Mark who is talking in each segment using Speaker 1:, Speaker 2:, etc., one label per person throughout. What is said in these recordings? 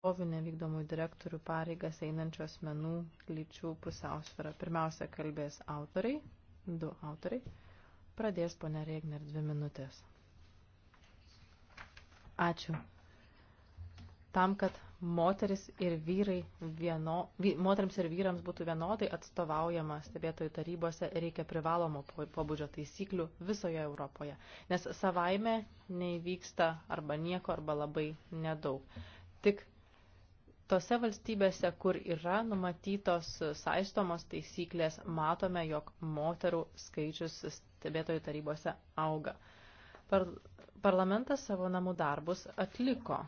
Speaker 1: kovinę vykdomų direktorių pareigas einančių asmenų lyčių pusiausvyrą. Pirmiausia, kalbės autoriai, du autoriai. Pradės ponia Regner dvi minutės. Ačiū. Tam, kad moteris ir vyrai vieno, vy, moteriams ir vyrams būtų vienodai atstovaujama stebėtojų tarybose, reikia privalomo pobūdžio taisyklių visoje Europoje. Nes savaime neįvyksta arba nieko, arba labai nedaug. Tik Tose valstybėse, kur yra numatytos saistomos taisyklės, matome, jog moterų skaičius stebėtojų tarybose auga. Par parlamentas savo namų darbus atliko.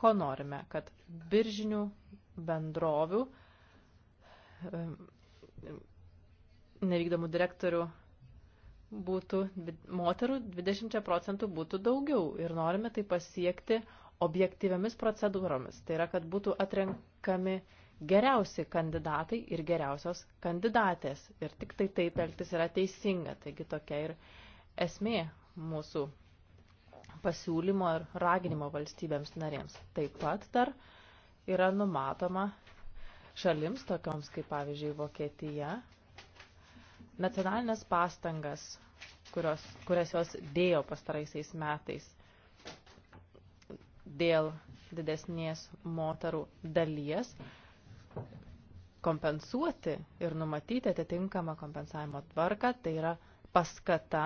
Speaker 1: Ko norime, kad biržinių bendrovių nevykdomų direktorių būtų moterų 20 procentų būtų daugiau ir norime tai pasiekti objektyviamis procedūromis. Tai yra, kad būtų atrenkami geriausi kandidatai ir geriausios kandidatės. Ir tik tai taip elgtis yra teisinga. Taigi tokia ir esmė mūsų pasiūlymo ir raginimo valstybėms narėms. Taip pat dar yra numatoma šalims, tokioms kaip pavyzdžiui Vokietija, nacionalinės pastangas, kurios, kurias jos dėjo pastaraisiais metais dėl didesnės moterų dalies kompensuoti ir numatyti atitinkamą kompensavimo tvarką, tai yra paskata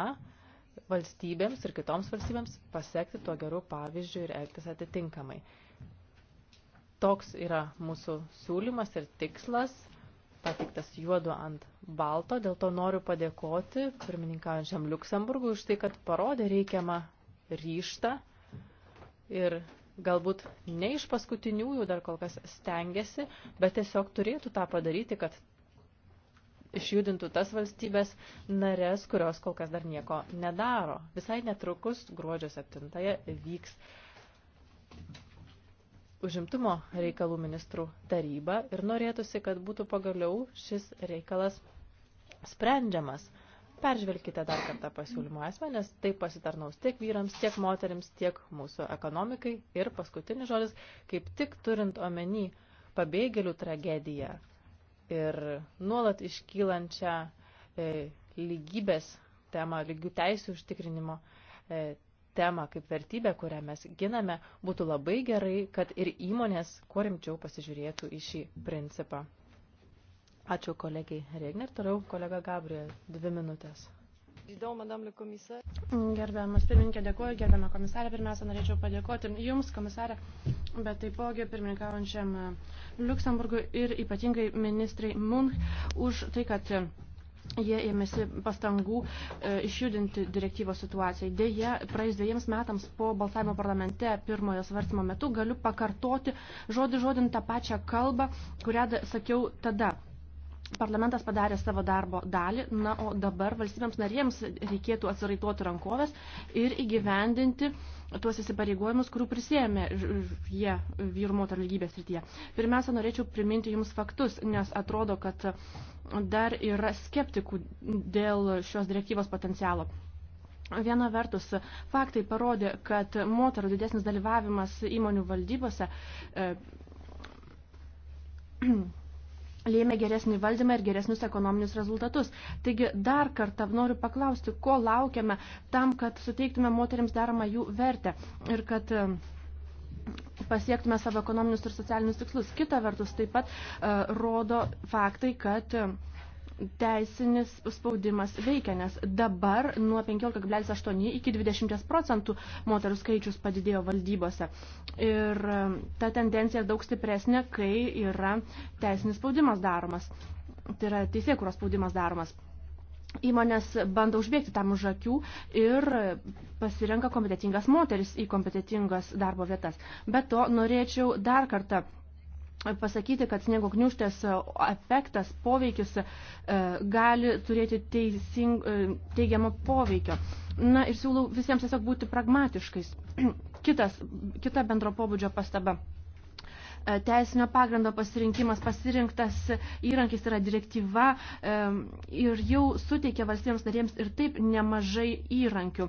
Speaker 1: valstybėms ir kitoms valstybėms pasiekti tuo geru pavyzdžiu ir elgtis atitinkamai. Toks yra mūsų siūlymas ir tikslas, patiktas juodu ant balto, dėl to noriu padėkoti pirmininkaujančiam Luksemburgui už tai, kad parodė reikiamą ryštą ir galbūt ne iš paskutiniųjų dar kol kas stengiasi, bet tiesiog turėtų tą padaryti, kad išjudintų tas valstybės narės, kurios kol kas dar nieko nedaro. Visai netrukus gruodžio 7 vyks užimtumo reikalų ministrų taryba ir norėtųsi, kad būtų pagaliau šis reikalas sprendžiamas. Peržvelkite dar kartą pasiūlymo esmę, nes tai pasitarnaus tiek vyrams, tiek moterims, tiek mūsų ekonomikai. Ir paskutinis žodis, kaip tik turint omeny pabėgėlių tragediją ir nuolat iškylančią e, lygybės temą, lygių teisų užtikrinimo e, temą kaip vertybę, kurią mes giname, būtų labai gerai, kad ir įmonės kuo rimčiau pasižiūrėtų į šį principą. Ačiū kolegijai Regner, toliau kolega Gabriel, dvi minutės. Gerbiamas
Speaker 2: pirmininkė, dėkuoju, gerbiamą komisarę. Pirmiausia, norėčiau padėkoti Jums, komisarė, bet taipogi pirmininkaujančiam e, Luksemburgui ir ypatingai ministrai Munch už tai, kad jie ėmėsi pastangų e, išjudinti direktyvos situaciją. Deja, praeis dviejams metams po balsavimo parlamente pirmojo svarstymo metu galiu pakartoti žodį žodin tą pačią kalbą, kurią sakiau tada. Parlamentas padarė savo darbo dalį, na, o dabar valstybėms narėms reikėtų atsiraituoti rankovės ir įgyvendinti tuos įsipareigojimus, kurių prisėmė jie vyrų moterų lygybės rytyje. Pirmiausia, norėčiau priminti jums faktus, nes atrodo, kad dar yra skeptikų dėl šios direktyvos potencialo. Viena vertus, faktai parodė, kad moterų didesnis dalyvavimas įmonių valdybose e, lėmė geresnį valdymą ir geresnius ekonominius rezultatus. Taigi dar kartą noriu paklausti, ko laukiame tam, kad suteiktume moteriams deramą jų vertę ir kad e, pasiektume savo ekonominius ir socialinius tikslus. Kita vertus taip pat uh, rodo faktai, kad uh, teisinis spaudimas veikia, nes dabar nuo 15,8 iki 20 procentų moterų skaičius padidėjo valdybose. Ir e, ta tendencija daug stipresnė, kai yra teisinis spaudimas daromas. Tai yra teisėkuros spaudimas daromas. Įmonės bando užbėgti tam už akių ir pasirenka kompetitingas moteris į kompetitingas darbo vietas. Be to, norėčiau dar kartą pasakyti, kad sniego gniuštės e, efektas, poveikis e, gali turėti teising, e, teigiamą poveikio. Na ir siūlau visiems tiesiog būti pragmatiškais. Kitas, kita bendro pobūdžio pastaba. Teisinio pagrindo pasirinkimas, pasirinktas įrankis yra direktyva ir jau suteikia valstybėms narėms ir taip nemažai įrankių.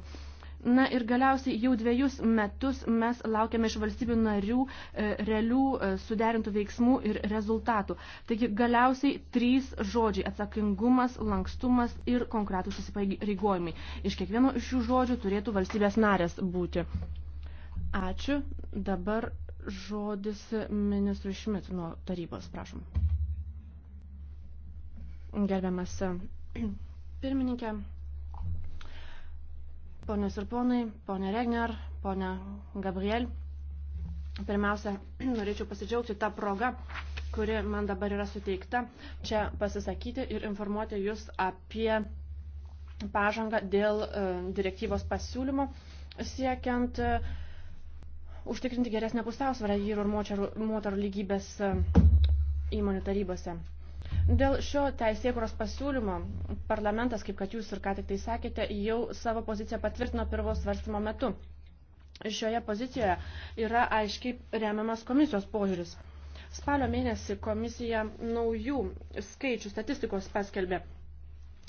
Speaker 2: Na ir galiausiai jau dviejus metus mes laukiame iš valstybių narių e, realių e, suderintų veiksmų ir rezultatų. Taigi galiausiai trys žodžiai - atsakingumas, lankstumas ir konkretų susipareigojimai. Iš kiekvieno iš šių žodžių turėtų valstybės narės būti. Ačiū. Dabar žodis ministrui Šmit nuo tarybos, prašom. Gerbiamas e, pirmininkė. Ponios ir ponai, ponė Regner, ponė Gabriel, pirmiausia, norėčiau pasidžiaugti tą progą, kuri man dabar yra suteikta, čia pasisakyti ir informuoti jūs apie pažangą dėl e, direktyvos pasiūlymo siekiant e, užtikrinti geresnę pusiausvarą vyrų ir moterų lygybės e, įmonių tarybose. Dėl šio teisėkuros pasiūlymo parlamentas, kaip kad jūs ir ką tik tai sakėte, jau savo poziciją patvirtino pirmo svarstymo metu. Šioje pozicijoje yra aiškiai remiamas komisijos požiūris. Spalio mėnesį komisija naujų skaičių statistikos paskelbė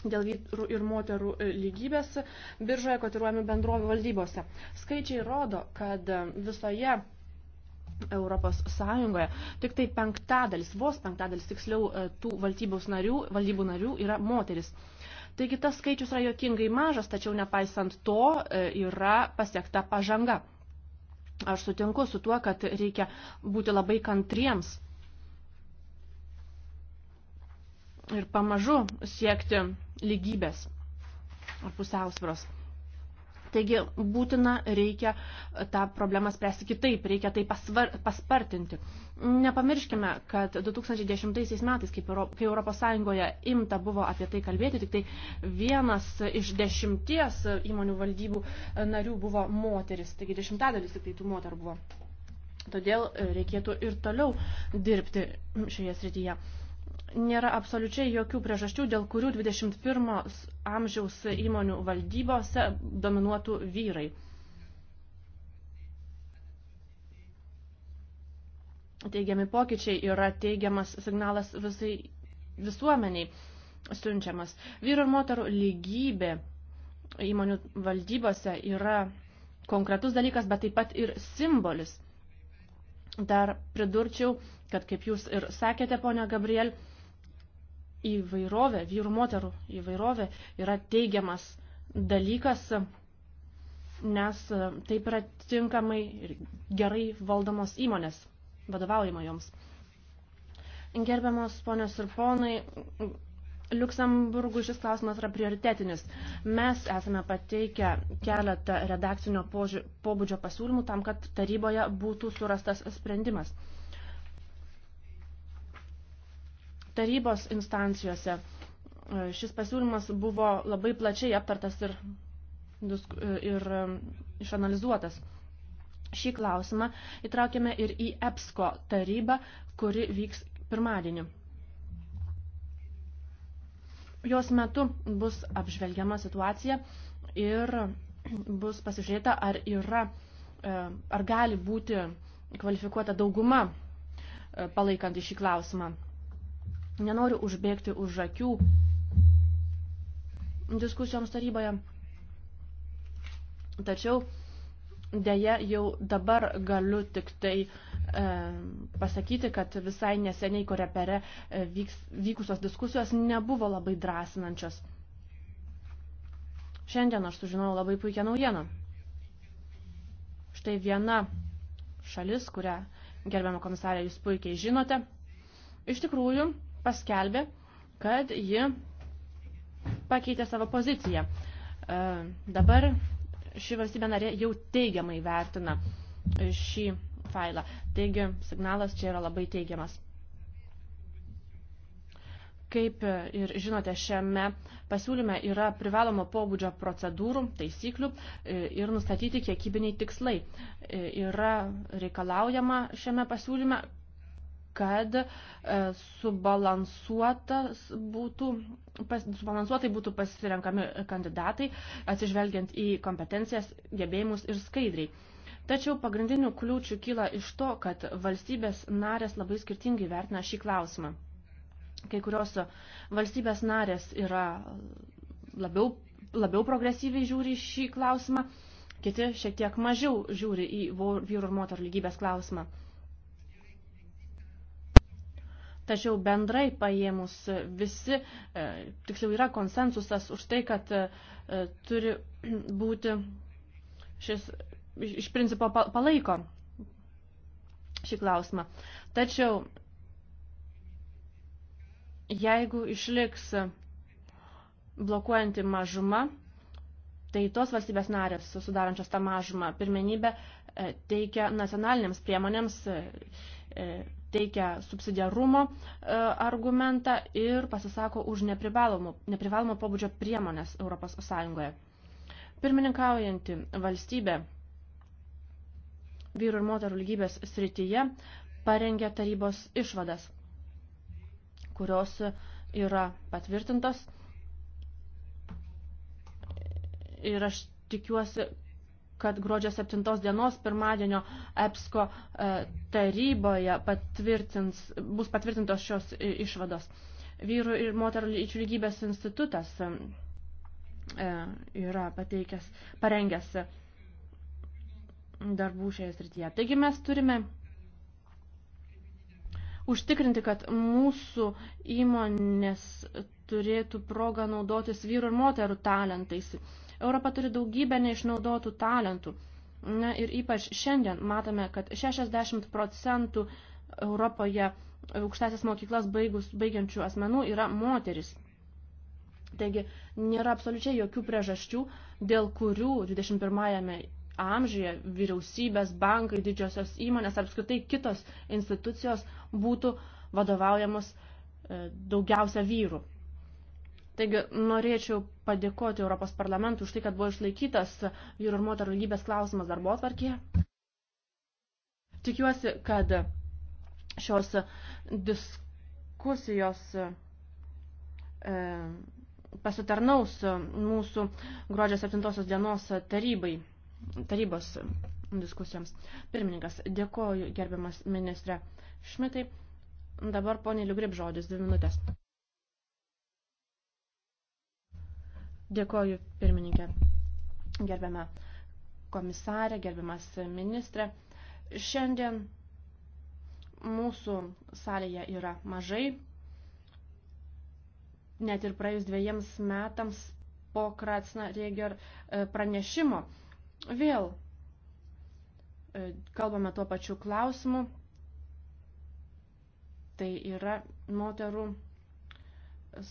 Speaker 2: dėl vyrų ir moterų lygybės biržoje kotiruojami bendrovių valdybose. Skaičiai rodo, kad visoje Europos Sąjungoje. Tik tai penktadalis, vos penktadalis tiksliau e, tų valdybos narių, valdybų narių yra moteris. Taigi tas skaičius yra jokingai mažas, tačiau nepaisant to e, yra pasiekta pažanga. Aš sutinku su tuo, kad reikia būti labai kantriems ir pamažu siekti lygybės ar pusiausvros. Taigi būtina reikia tą problemą spręsti kitaip, reikia tai pasvar, paspartinti. Nepamirškime, kad 2010 metais, kaip, kai Europos Sąjungoje imta buvo apie tai kalbėti, tik tai vienas iš dešimties įmonių valdybų e, narių buvo moteris, taigi dešimtadalis tik tai tų moterų buvo. Todėl e, reikėtų ir toliau dirbti šioje srityje nėra absoliučiai jokių priežasčių, dėl kurių 21 amžiaus įmonių valdybose dominuotų vyrai. Teigiami pokyčiai yra teigiamas signalas visai visuomeniai siunčiamas. Vyro ir moterų lygybė įmonių valdybose yra konkretus dalykas, bet taip pat ir simbolis. Dar pridurčiau, kad kaip jūs ir sakėte, ponia Gabriel, įvairovė, vyrų moterų įvairovė yra teigiamas dalykas, nes taip yra tinkamai ir gerai valdomos įmonės, vadovaujama joms. Gerbiamos ponios ir ponai, Luksemburgų šis klausimas yra prioritetinis. Mes esame pateikę keletą redakcinio pobūdžio pasiūlymų tam, kad taryboje būtų surastas sprendimas. Tarybos instancijose e, šis pasiūlymas buvo labai plačiai aptartas ir, e, ir e, išanalizuotas. Šį klausimą įtraukėme ir į EPSCO tarybą, kuri vyks pirmadienį. Jos metu bus apžvelgiama situacija ir bus pasižiūrėta, ar yra, e, ar gali būti kvalifikuota dauguma e, palaikant į šį klausimą. Nenoriu užbėgti už akių diskusijoms taryboje. Tačiau dėja jau dabar galiu tik tai uh, E, pasakyti, kad visai neseniai korepere e, vyks, vykusios diskusijos nebuvo labai drąsinančios. Šiandien aš sužinojau labai puikią naujieną. Štai viena šalis, kurią, gerbiamą komisarę, jūs puikiai žinote, iš tikrųjų paskelbė, kad ji pakeitė savo poziciją. E, dabar ši valstybė narė jau teigiamai vertina šį failą. Taigi signalas čia yra labai teigiamas. Kaip ir žinote, šiame pasiūlyme yra privalomo pobūdžio procedūrų, taisyklių e, ir nustatyti kiekybiniai tikslai. E, yra reikalaujama šiame pasiūlyme, kad e, subalansuotas būtų, pas, subalansuotai būtų pasirenkami kandidatai, atsižvelgiant į kompetencijas, gebėjimus ir skaidriai. Tačiau pagrindinių kliūčių kyla iš to, kad valstybės narės labai skirtingai vertina šį klausimą. Kai kurios valstybės narės yra labiau, labiau progresyviai žiūri šį klausimą, kiti šiek tiek mažiau žiūri į vyrų ir moterų lygybės klausimą. Tačiau bendrai paėmus visi, e, tiksliau yra konsensusas už tai, kad e, turi būti šis iš principo palaiko šį klausimą. Tačiau, jeigu išliks blokuojanti mažuma, tai tos valstybės narės, sudarančios tą mažumą, pirmenybę e, teikia nacionalinėms priemonėms, e, e, teikia subsidiarumo argumentą ir pasisako už neprivalomo pobūdžio priemonės Europos Sąjungoje. Pirmininkaujanti valstybė vyrų ir moterų lygybės srityje parengė tarybos išvadas, kurios yra patvirtintos. Ir aš tikiuosi, kad gruodžio 7 dienos pirmadienio EPSCO e, taryboje patvirtins, bus patvirtintos šios e, išvados. Vyrų ir moterų lyčių lygybės institutas e, yra pateikęs, parengęs darbų šioje srityje. Taigi mes turime užtikrinti, kad mūsų įmonės turėtų progą naudotis vyrų ir moterų talentais. Europa turi daugybę neišnaudotų talentų. Na ir ypač šiandien matome, kad 60 procentų Europoje aukštasias mokyklas baigus, baigiančių asmenų yra moteris. Taigi nėra absoliučiai jokių priežasčių, dėl kurių 21-ame amžiuje vyriausybės, bankai, didžiosios įmonės, apskritai kitos institucijos būtų vadovaujamos e, daugiausia vyrų. Taigi norėčiau padėkoti Europos parlamentui už tai, kad buvo išlaikytas vyrų ir moterų lygybės klausimas darbo atvarkėje. Tikiuosi, kad šios diskusijos e, pasitarnaus mūsų gruodžio 7 dienos tarybai tarybos diskusijoms. Pirmininkas, dėkoju gerbiamas ministre Šmitai. Dabar poniai Liugrib žodis, dvi minutės. Dėkoju pirmininkė, gerbiama komisarė, gerbiamas ministre. Šiandien mūsų salėje yra mažai. Net ir praėjus dviejiems metams po Kratsna Rieger pranešimo Vėl e, kalbame tuo pačiu klausimu. Tai yra moterų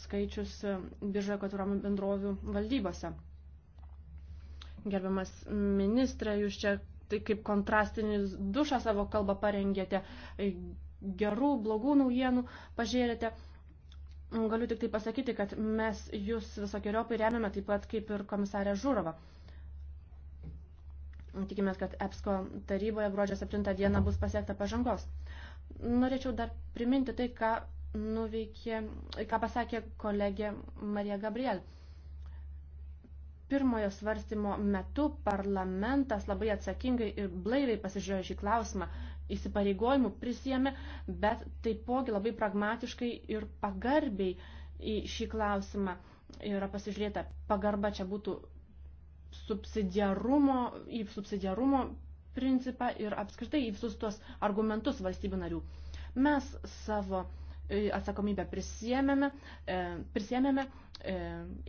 Speaker 2: skaičius e, biržoje kotūramų bendrovių valdybose. Gerbiamas ministrė, jūs čia tai kaip kontrastinis dušą savo kalbą parengėte, e, gerų, blogų naujienų pažiūrėte. Galiu tik tai pasakyti, kad mes jūs visokiojopai remiame taip pat kaip ir komisarė Žurova. Tikimės, kad EPSCO taryboje gruodžio 7 dieną bus pasiekta pažangos. Norėčiau dar priminti tai, ką, nuveikė, ką pasakė kolegė Marija Gabriel. Pirmojo svarstymo metu parlamentas labai atsakingai ir blaiviai pasižiūrėjo šį klausimą, įsipareigojimų prisėmė, bet taipogi labai pragmatiškai ir pagarbiai į šį klausimą yra pasižiūrėta. Pagarba čia būtų subsidiarumo, į subsidiarumo principą ir apskritai į visus tuos argumentus valstybių narių. Mes savo e, atsakomybę prisėmėme, prisėmėme e,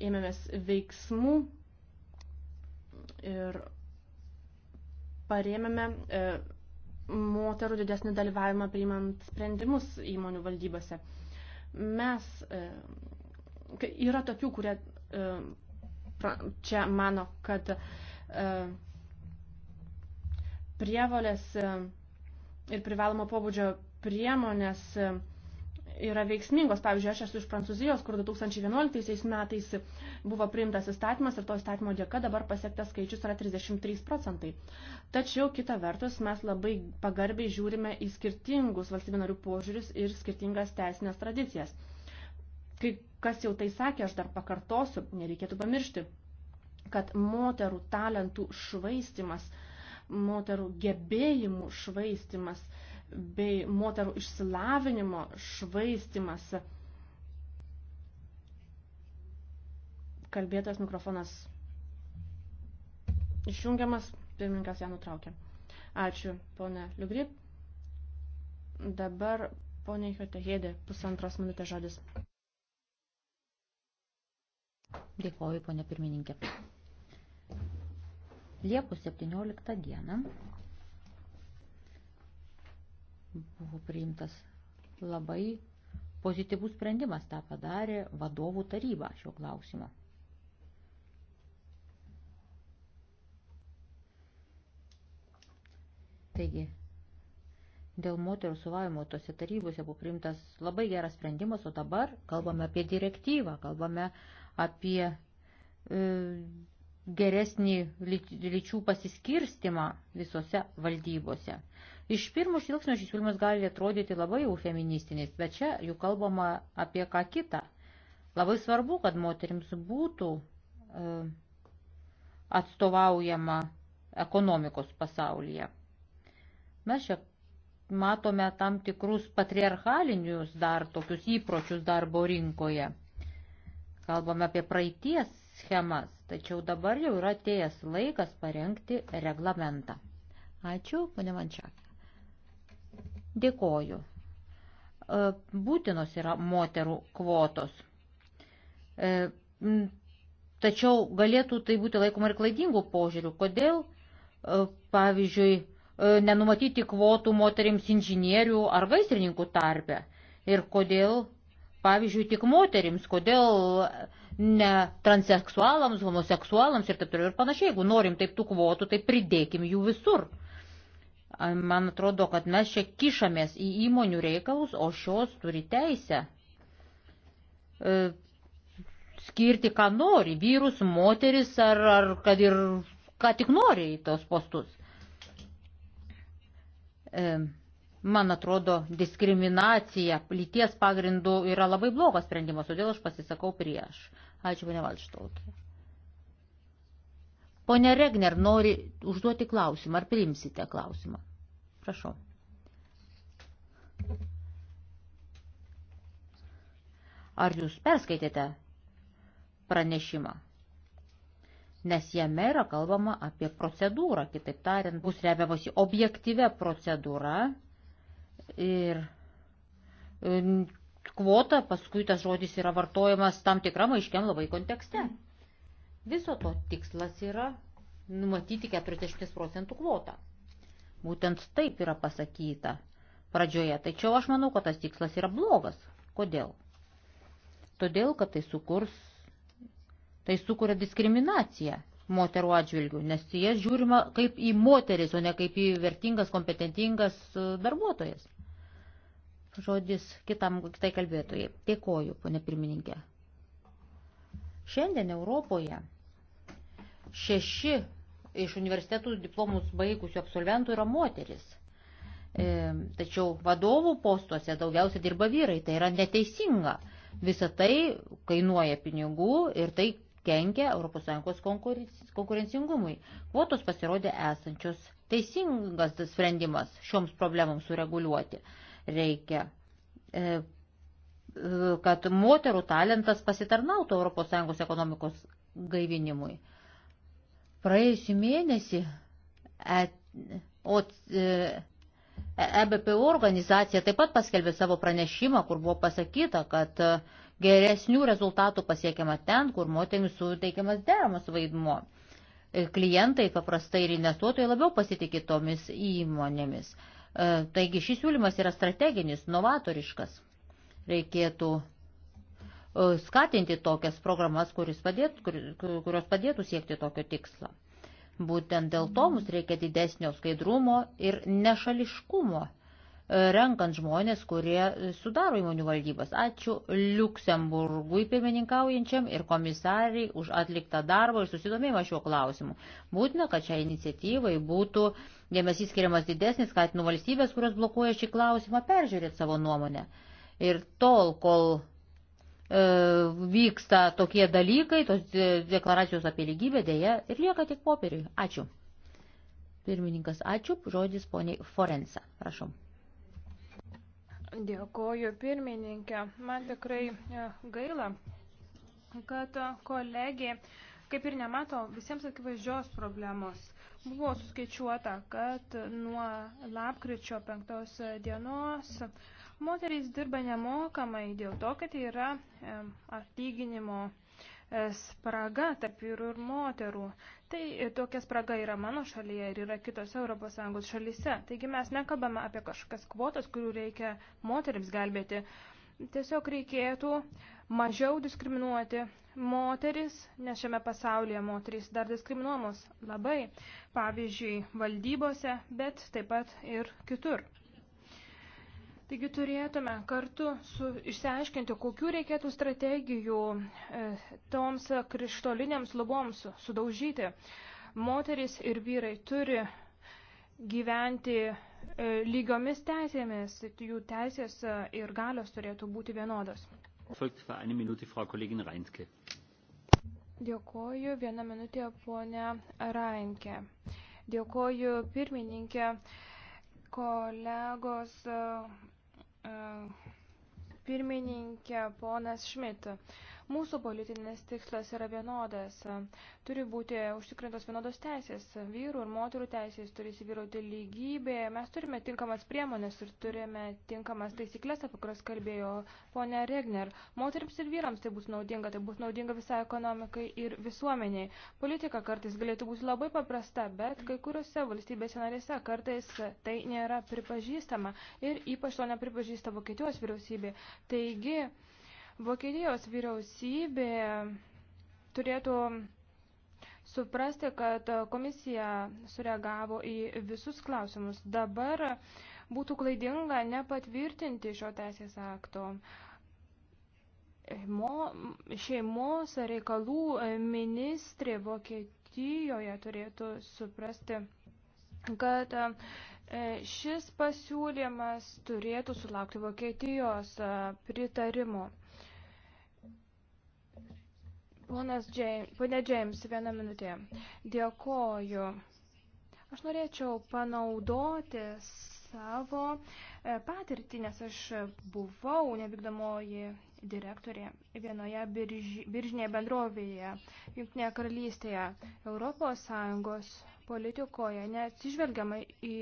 Speaker 2: ėmėmės veiksmų ir parėmėme e, moterų didesnį dalyvavimą priimant sprendimus įmonių valdybose. Mes yra tokių, kurie čia mano, kad e, prievolės e, ir privalomo pobūdžio priemonės e, yra veiksmingos. Pavyzdžiui, aš esu iš Prancūzijos, kur 2011 metais buvo priimtas įstatymas ir to įstatymo dėka dabar pasiektas skaičius yra 33 procentai. Tačiau kita vertus mes labai pagarbiai žiūrime į skirtingus valstybių narių požiūrius ir skirtingas teisinės tradicijas. Kai Kas jau tai sakė, aš dar pakartosiu, nereikėtų pamiršti, kad moterų talentų švaistimas, moterų gebėjimų švaistimas bei moterų išsilavinimo švaistimas. Kalbėtojas mikrofonas išjungiamas, pirmininkas ją nutraukė. Ačiū, ponė Liugrip. Dabar ponė Hjotehėdė, pusantros minutės žodis.
Speaker 3: Dėkoju, ponė pirmininkė. Liepus 17 dieną buvo priimtas labai pozityvus sprendimas, tą padarė vadovų taryba šio klausimo. Taigi, dėl moterų suvavimo tose tarybose buvo priimtas labai geras sprendimas, o dabar kalbame apie direktyvą, kalbame apie e, geresnį lyčių pasiskirstimą visose valdybose. Iš pirmo žvilgsnio šis siūlymas gali atrodyti labai jau feministinis, bet čia juk kalbama apie ką kitą. Labai svarbu, kad moterims būtų e, atstovaujama ekonomikos pasaulyje. Mes čia matome tam tikrus patriarchalinius dar tokius įpročius darbo rinkoje – Kalbame apie praeities schemas, tačiau dabar jau yra atėjęs laikas parengti reglamentą. Ačiū, ponė Mančiakė. Dėkoju. E, būtinos yra moterų kvotos. E, tačiau galėtų tai būti laikoma ir klaidingų požiūrių. Kodėl, e, pavyzdžiui, nenumatyti kvotų moterims inžinierių ar gaisrininkų tarpe? Ir kodėl pavyzdžiui, tik moterims, kodėl ne transseksualams, homoseksualams ir taip toliau ir panašiai. Jeigu norim taip tų kvotų, tai pridėkim jų visur. Man atrodo, kad mes čia kišamės į įmonių reikalus, o šios turi teisę e, skirti, ką nori, vyrus, moteris ar, ar kad ir ką tik nori į tos postus. E, man atrodo, diskriminacija lyties pagrindų yra labai blogas sprendimas, todėl aš pasisakau prieš. Ačiū, ponia Valštautė. Pone Regner nori užduoti klausimą. Ar priimsite klausimą? Prašau. Ar jūs perskaitėte pranešimą? nes jame yra kalbama apie procedūrą, kitaip tariant, bus remiamasi objektyvę procedūrą, Ir e, kvota, paskui tas žodis yra vartojamas tam tikram aiškiam labai kontekste. Viso to tikslas yra numatyti 40 procentų kvotą. Būtent taip yra pasakyta pradžioje. Tačiau aš manau, kad tas tikslas yra blogas. Kodėl? Todėl, kad tai sukurs, tai sukuria diskriminaciją moterų atžvilgių, nes jas žiūrima kaip į moteris, o ne kaip į vertingas, kompetentingas e, darbuotojas žodis kitam, kitai kalbėtojai. Dėkoju, ponė pirmininkė. Šiandien Europoje šeši iš universitetų diplomus baigusių absolventų yra moteris. E, tačiau vadovų postuose daugiausia dirba vyrai. Tai yra neteisinga. Visa tai kainuoja pinigų ir tai kenkia ES konkurencingumui. Kvotos pasirodė esančios teisingas sprendimas šioms problemams sureguliuoti. Reikia, e, kad moterų talentas pasitarnautų ES ekonomikos gaivinimui. Praėjusį mėnesį EBPO e, e organizacija taip pat paskelbė savo pranešimą, kur buvo pasakyta, kad geresnių rezultatų pasiekiama ten, kur moterims suteikiamas deramas vaidmuo. Klientai paprastai ir investuotojai labiau pasitikė tomis įmonėmis. E, taigi šis siūlymas yra strateginis, novatoriškas. Reikėtų e, skatinti tokias programas, kuris padėtų, kur, kurios padėtų siekti tokio tikslo. Būtent dėl to mums reikia didesnio skaidrumo ir nešališkumo renkant žmonės, kurie sudaro įmonių valdybas. Ačiū Luksemburgui pirmininkaujančiam ir komisariai už atliktą darbą ir susidomėjimą šiuo klausimu. Būtina, kad šiai iniciatyvai būtų dėmesys skiriamas didesnis, skatinu valstybės, kurios blokuoja šį klausimą, peržiūrėti savo nuomonę. Ir tol, kol e, vyksta tokie dalykai, tos deklaracijos apie lygybę dėja ir lieka tik popieriui. Ačiū. Pirmininkas, ačiū. Žodis poniai Forensa. Prašom.
Speaker 4: Dėkoju pirmininkė. Man tikrai e, gaila, kad e, kolegė kaip ir nemato visiems akivaizdžios problemos. Buvo suskaičiuota, kad nuo lapkričio penktos dienos moterys dirba nemokamai dėl to, kad yra e, atlyginimo E, spraga tarp vyrų ir moterų. Tai e, tokia spraga yra mano šalyje ir yra kitose ES šalyse. Taigi mes nekabame apie kažkas kvotas, kurių reikia moteriams gelbėti. Tiesiog reikėtų mažiau diskriminuoti moteris, nes šiame pasaulyje moterys dar diskriminuomos labai, pavyzdžiui, valdybose, bet taip pat ir kitur. Taigi turėtume kartu su, išsiaiškinti, kokiu reikėtų strategijų e, toms krištolinėms luboms sudaužyti. Moteris ir vyrai turi gyventi e, lygiomis teisėmis, jų teisės e, ir galios turėtų būti vienodos. Dėkoju, vieną minutę ponė Rainke. Dėkoju pirmininkė, kolegos. E, pirmininkė ponas Šmit. Mūsų politinės tikslas yra vienodas. Turi būti užtikrintos vienodos teisės. Vyrų ir moterų teisės turi įsivyrauti lygybė. Mes turime tinkamas priemonės ir turime tinkamas taisyklės, apie kurias kalbėjo ponia Regner. Moterims ir vyrams tai bus naudinga, tai bus naudinga visai ekonomikai ir visuomeniai. Politika kartais galėtų būti labai paprasta, bet kai kuriuose valstybėse narėse kartais tai nėra pripažįstama ir ypač to nepripažįsta Vokietijos vyriausybė. Taigi, Vokietijos vyriausybė turėtų suprasti, kad komisija sureagavo į visus klausimus. Dabar būtų klaidinga nepatvirtinti šio teisės akto. Mo, šeimos reikalų ministrė Vokietijoje turėtų suprasti, kad e, šis pasiūlymas turėtų sulaukti Vokietijos e, pritarimo. Ponas James, ponė James, vieną minutę. Dėkoju. Aš norėčiau panaudoti savo e, patirtį, nes aš buvau nevykdomoji direktorė vienoje birž, biržinėje bendrovėje, Junktinėje karalystėje, Europos Sąjungos politikoje, neatsižvelgiama į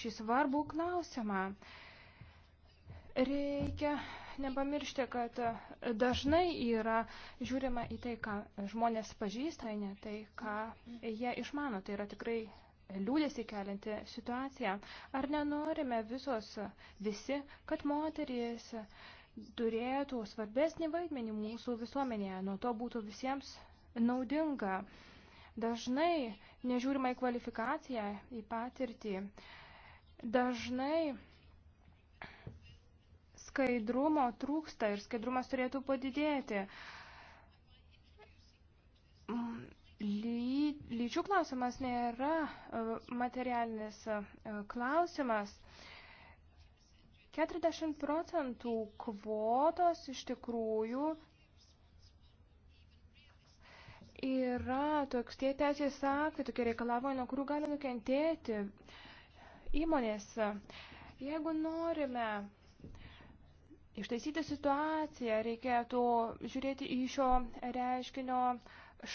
Speaker 4: šį svarbų klausimą. Reikia nepamiršti, kad dažnai yra žiūrima į tai, ką žmonės pažįsta, ne tai, ką jie išmano. Tai yra tikrai liūdėsi kelianti situacija. Ar nenorime visos, visi, kad moterys turėtų svarbesnį vaidmenį mūsų visuomenėje, nuo to būtų visiems naudinga. Dažnai nežiūrima į kvalifikaciją, į patirtį. Dažnai skaidrumo trūksta ir skaidrumas turėtų padidėti. Ly, lyčių klausimas nėra e, materialinis e, klausimas. 40 procentų kvotos iš tikrųjų yra toks tie teisės aktai, tokie reikalavimai, nuo kurių gali nukentėti įmonės. Jeigu norime ištaisyti situaciją, reikėtų žiūrėti į šio reiškinio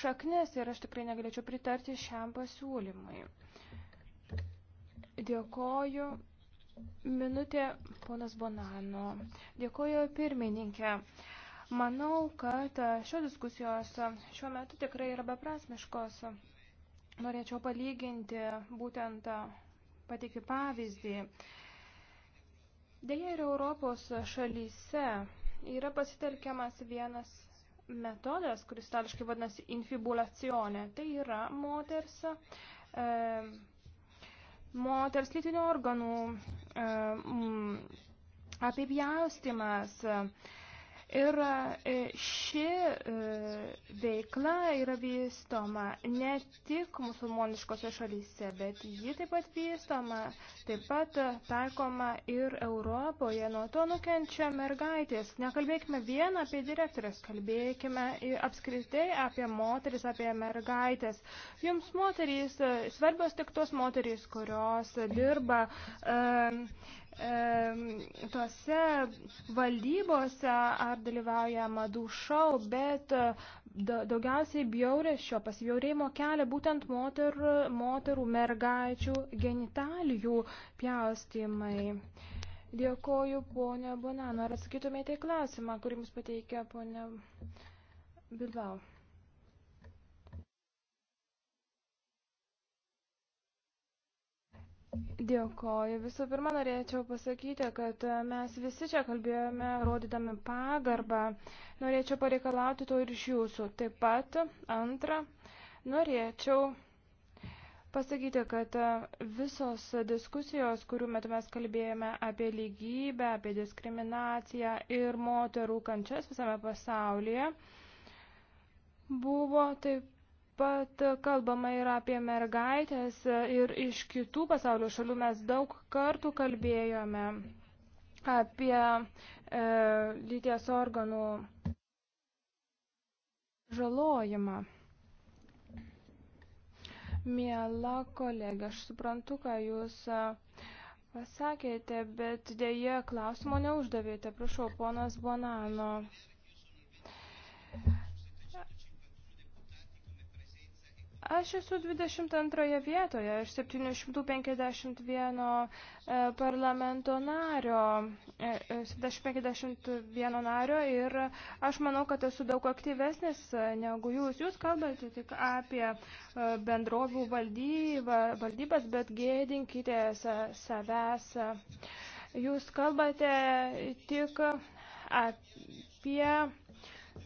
Speaker 4: šaknis ir aš tikrai negalėčiau pritarti šiam pasiūlymui. Dėkoju. Minutė ponas Bonano. Dėkoju pirmininkė. Manau, kad šios diskusijos šiuo metu tikrai yra beprasmiškos. Norėčiau palyginti būtent pateikti pavyzdį. Deja ir Europos šalyse yra pasitelkiamas vienas metodas, kuris itališkai vadinasi infibulacionė. Tai yra moters, e, moters lytinių organų e, apipjaustimas. E, Ir e, ši e, veikla yra vystoma ne tik musulmoniškose šalyse, bet ji taip pat vystoma, taip pat taikoma ir Europoje. Nuo to nukenčia mergaitės. Nekalbėkime vien apie direktorės, kalbėkime apskritai apie moteris, apie mergaitės. Jums moterys, e, svarbios tik tos moterys, kurios dirba. Uh, tose valdybose ar dalyvauja madų šau, bet e, daugiausiai bjaurėšio pasibjaurėjimo kelia būtent moter, moterų, mergaičių genitalijų pjaustimai. Dėkoju, ponė Bonano. Ar atsakytumėte į klausimą, kurį jums pateikė ponė Bilbao? Dėkoju. Visų pirma, norėčiau pasakyti, kad e, mes visi čia kalbėjome, rodydami pagarbą. Norėčiau pareikalauti to ir iš jūsų. Taip pat, antra, norėčiau pasakyti, kad e, visos diskusijos, kurių metu mes kalbėjome apie lygybę, apie diskriminaciją ir moterų kančias visame pasaulyje, buvo taip pat kalbama ir apie mergaitės e, ir iš kitų pasaulio šalių mes daug kartų kalbėjome apie e, lyties organų žalojimą. Miela kolegė, aš suprantu, ką jūs e, pasakėte, bet dėje klausimo neuždavėte. Prašau, ponas Bonano. Aš esu 22 vietoje iš 751 e, parlamento nario, 751 e, e, nario ir aš manau, kad esu daug aktyvesnis negu jūs. Jūs kalbate tik apie bendrovių valdybą, valdybas, bet gėdinkite savęs. Jūs kalbate tik apie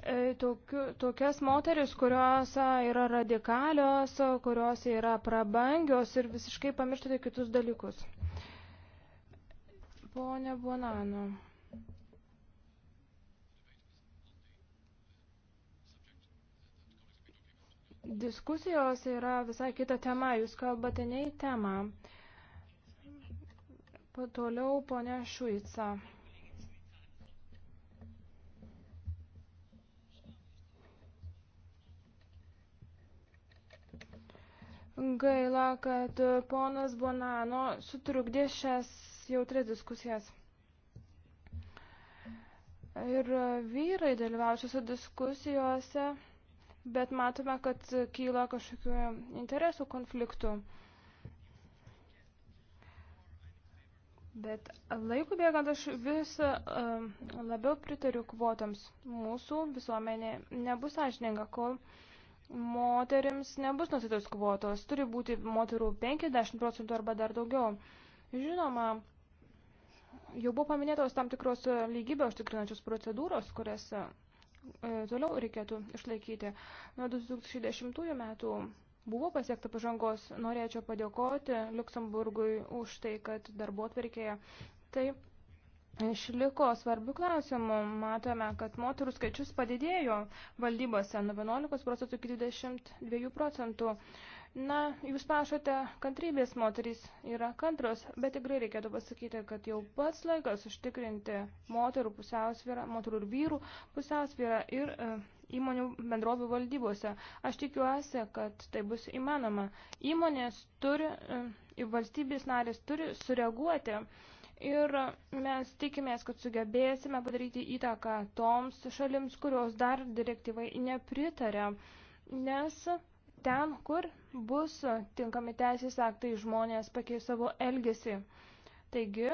Speaker 4: E, tokiu, tokias moteris, kurios yra radikalios, kurios yra prabangios ir visiškai pamirštate kitus dalykus. Pone Bonano. Diskusijos yra visai kita tema, jūs kalbate ne į temą. Toliau ponia Šuica. Gaila, kad ponas Bonano sutrukdė šias jautrias diskusijas. Ir vyrai dalyvaučiuose diskusijose, bet matome, kad kyla kažkokių interesų konfliktų. Bet laiku bėgant aš vis uh, labiau pritariu kvotams. Mūsų visuomenė nebus sąžininga, kol uh, moterims nebus nusitos kvotos, turi būti moterų 50 procentų arba dar daugiau. Žinoma, jau buvo paminėtos tam tikros lygybę užtikrinančios procedūros, kurias e, toliau reikėtų išlaikyti. Nuo 2010 metų buvo pasiekta pažangos. Norėčiau padėkoti Luksemburgui už tai, kad darbo atverkėje tai Išliko svarbių klausimų. Matome, kad moterų skaičius padidėjo valdybose nuo 11 procentų iki 22 procentų. Na, jūs prašote kantrybės moterys yra kantros, bet tikrai reikėtų pasakyti, kad jau pats laikas užtikrinti moterų pusiausvyrą, moterų ir vyrų pusiausvyrą ir e, įmonių bendrovių valdybose. Aš tikiuosi, kad tai bus įmanoma. Įmonės turi, e, valstybės narės turi sureaguoti. E, ir mes tikimės, kad sugebėsime padaryti įtaką toms šalims, kurios dar direktyvai nepritarė, nes ten, kur bus tinkami teisės aktai, žmonės pakeis savo elgesį. Taigi,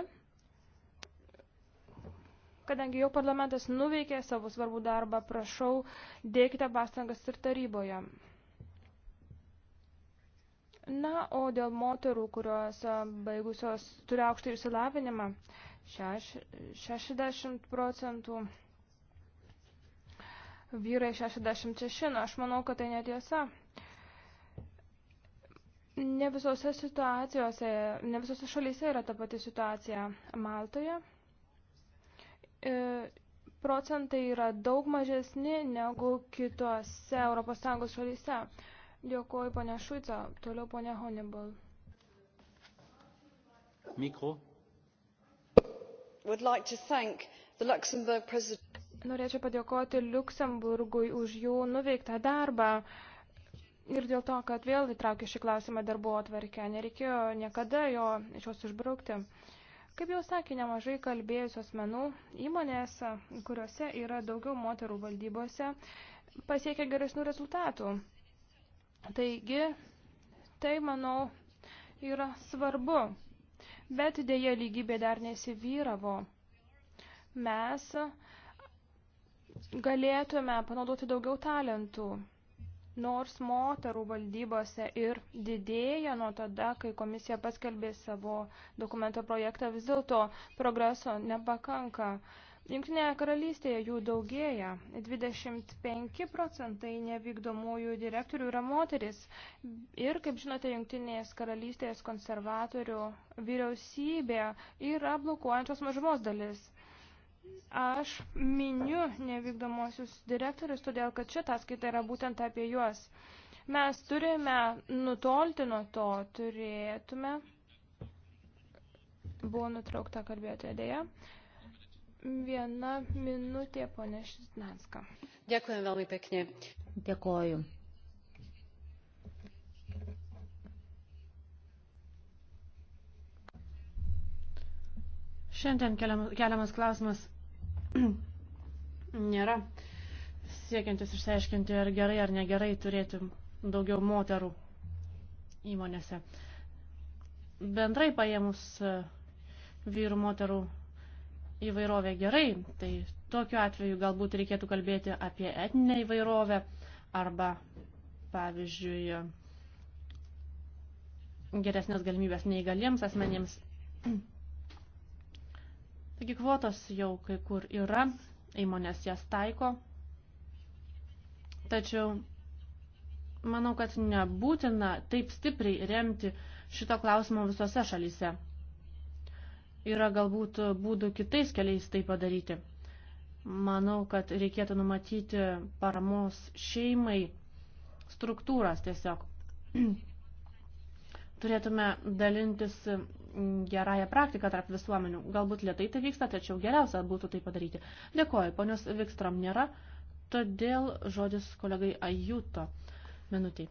Speaker 4: kadangi jau parlamentas nuveikė savo svarbų darbą, prašau, dėkite pastangas ir taryboje. Na, o dėl moterų, kurios baigusios turi aukštą išsilavinimą, 60 procentų, vyrai 66, na, aš manau, kad tai netiesa. Ne visose situacijose, ne visose šalyse yra ta pati situacija. Maltoje e, procentai yra daug mažesni negu kitose ES šalyse. Dėkuoju, ponia Šuica. Toliau ponia Honibal. Mikro. Would like to thank the Luxembourg president. Norėčiau padėkoti Luxemburgui už jų nuveiktą darbą. Ir dėl to, kad vėl įtraukė šį klausimą darbo atvarkę, nereikėjo niekada jo iš jos išbraukti. Kaip jau sakė nemažai kalbėjusių asmenų, įmonės, kuriuose yra daugiau moterų valdybose, pasiekia geresnių rezultatų. Taigi, tai, manau, yra svarbu, bet dėja lygybė dar nesivyravo. Mes galėtume panaudoti daugiau talentų, nors moterų valdybose ir didėja nuo tada, kai komisija paskelbė savo dokumento projektą, vis dėlto progreso nepakanka. Junktinėje karalystėje jų daugėja. 25 procentai nevykdomųjų direktorių yra moteris. Ir, kaip žinote, Junktinės karalystės konservatorių vyriausybė yra blokuojančios mažumos dalis. Aš miniu nevykdomosius direktorius, todėl kad šitą skaitą yra būtent apie juos. Mes turime nutolti nuo to, turėtume. Buvo nutraukta kalbėtoja dėja. Viena minutė, ponė Šisnanska.
Speaker 3: Dėkuoju labai pekne. Dėkuoju.
Speaker 2: Šiandien keliamas klausimas nėra siekiantis išsiaiškinti, ar gerai ar negerai turėti daugiau moterų įmonėse. Bendrai paėmus vyrų moterų įvairovė gerai, tai tokiu atveju galbūt reikėtų kalbėti apie etninę įvairovę arba, pavyzdžiui, geresnės galimybės neįgaliems asmenėms. Taigi kvotos jau kai kur yra, įmonės jas taiko, tačiau manau, kad nebūtina taip stipriai remti šito klausimo visose šalyse yra galbūt būdų kitais keliais tai padaryti. Manau, kad reikėtų numatyti paramos šeimai struktūras tiesiog. Turėtume dalintis gerąją praktiką tarp visuomenių. Galbūt lietai tai vyksta, tačiau geriausia būtų tai padaryti. Dėkoju, ponios Vikstram nėra, todėl žodis kolegai Ajuto minutiai.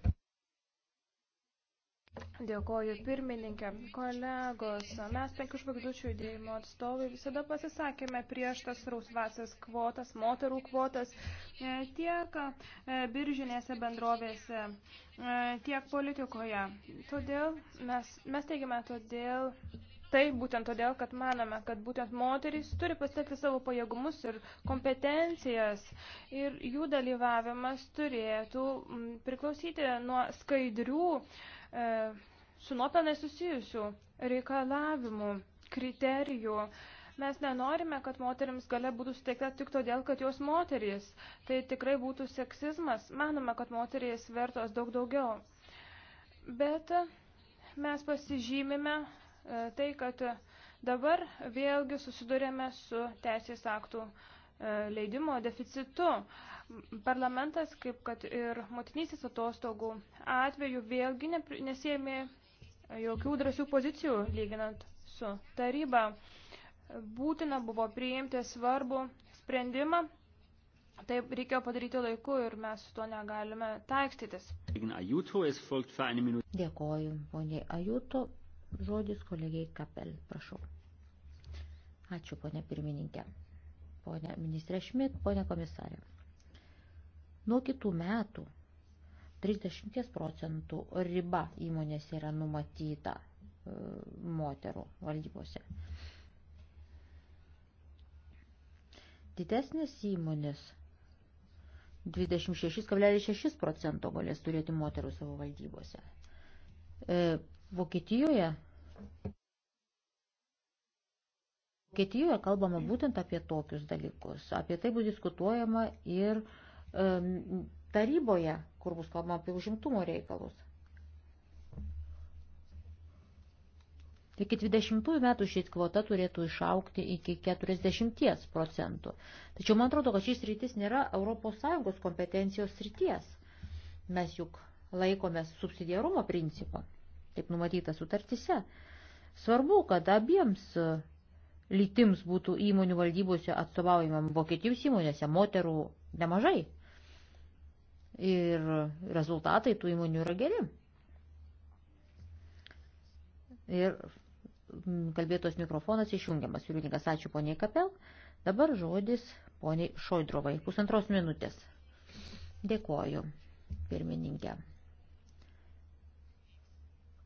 Speaker 4: Dėkoju pirmininkė. Kolegos, mes penkių žvaigždučių judėjimo atstovai visada pasisakėme prieš tas rausvasias kvotas, moterų kvotas e, tiek e, biržinėse bendrovėse, e, tiek politikoje. Todėl mes, mes teigiame todėl. Tai būtent todėl, kad manome, kad būtent moterys turi pasiekti savo pajėgumus ir kompetencijas ir jų dalyvavimas turėtų priklausyti nuo skaidrių uh, E, su nuopelnai susijusių reikalavimų, kriterijų. Mes nenorime, kad moteriams gale būtų suteikta tik todėl, kad jos moterys. Tai tikrai būtų seksizmas. Manome, kad moterys vertos daug daugiau. Bet mes pasižymime e, tai, kad dabar vėlgi susidurėme su teisės aktų e, leidimo deficitu. Parlamentas, kaip kad ir motinystės atostogų atveju, vėlgi nesėmė jokių drąsių pozicijų lyginant su taryba. Būtina buvo priimti svarbu sprendimą. Taip reikėjo padaryti laiku ir mes su to negalime
Speaker 3: taikstytis. Dėkoju, poniai Ajuto. Žodis kolegiai Kapel, prašau. Ačiū, ponė pirmininkė. Ponė ministrė Šmit, ponė komisarė. Nuo kitų metų 30 procentų riba įmonėse yra numatyta e, moterų valdybose. Didesnės įmonės 26,6 procento galės turėti moterų savo valdybose. E, Vokietijoje Vokietijoje kalbama būtent apie tokius dalykus. Apie tai buvo diskutuojama ir e, Um, taryboje, kur bus kalbama apie užimtumo reikalus. Iki 20 metų šis kvota turėtų išaukti iki 40 procentų. Tačiau man atrodo, kad šis rytis nėra ES kompetencijos ryties. Mes juk laikomės subsidiarumo principą, taip numatyta sutartise. Svarbu, kad abiems e, lytims būtų įmonių valdybose atstovaujama Vokietijos įmonėse moterų nemažai ir rezultatai tų įmonių yra geri. Ir mm, kalbėtos mikrofonas išjungiamas. Jūrininkas, ačiū poniai Kapel. Dabar žodis poniai Šoidrovai. Pusantros minutės. Dėkoju, pirmininkė.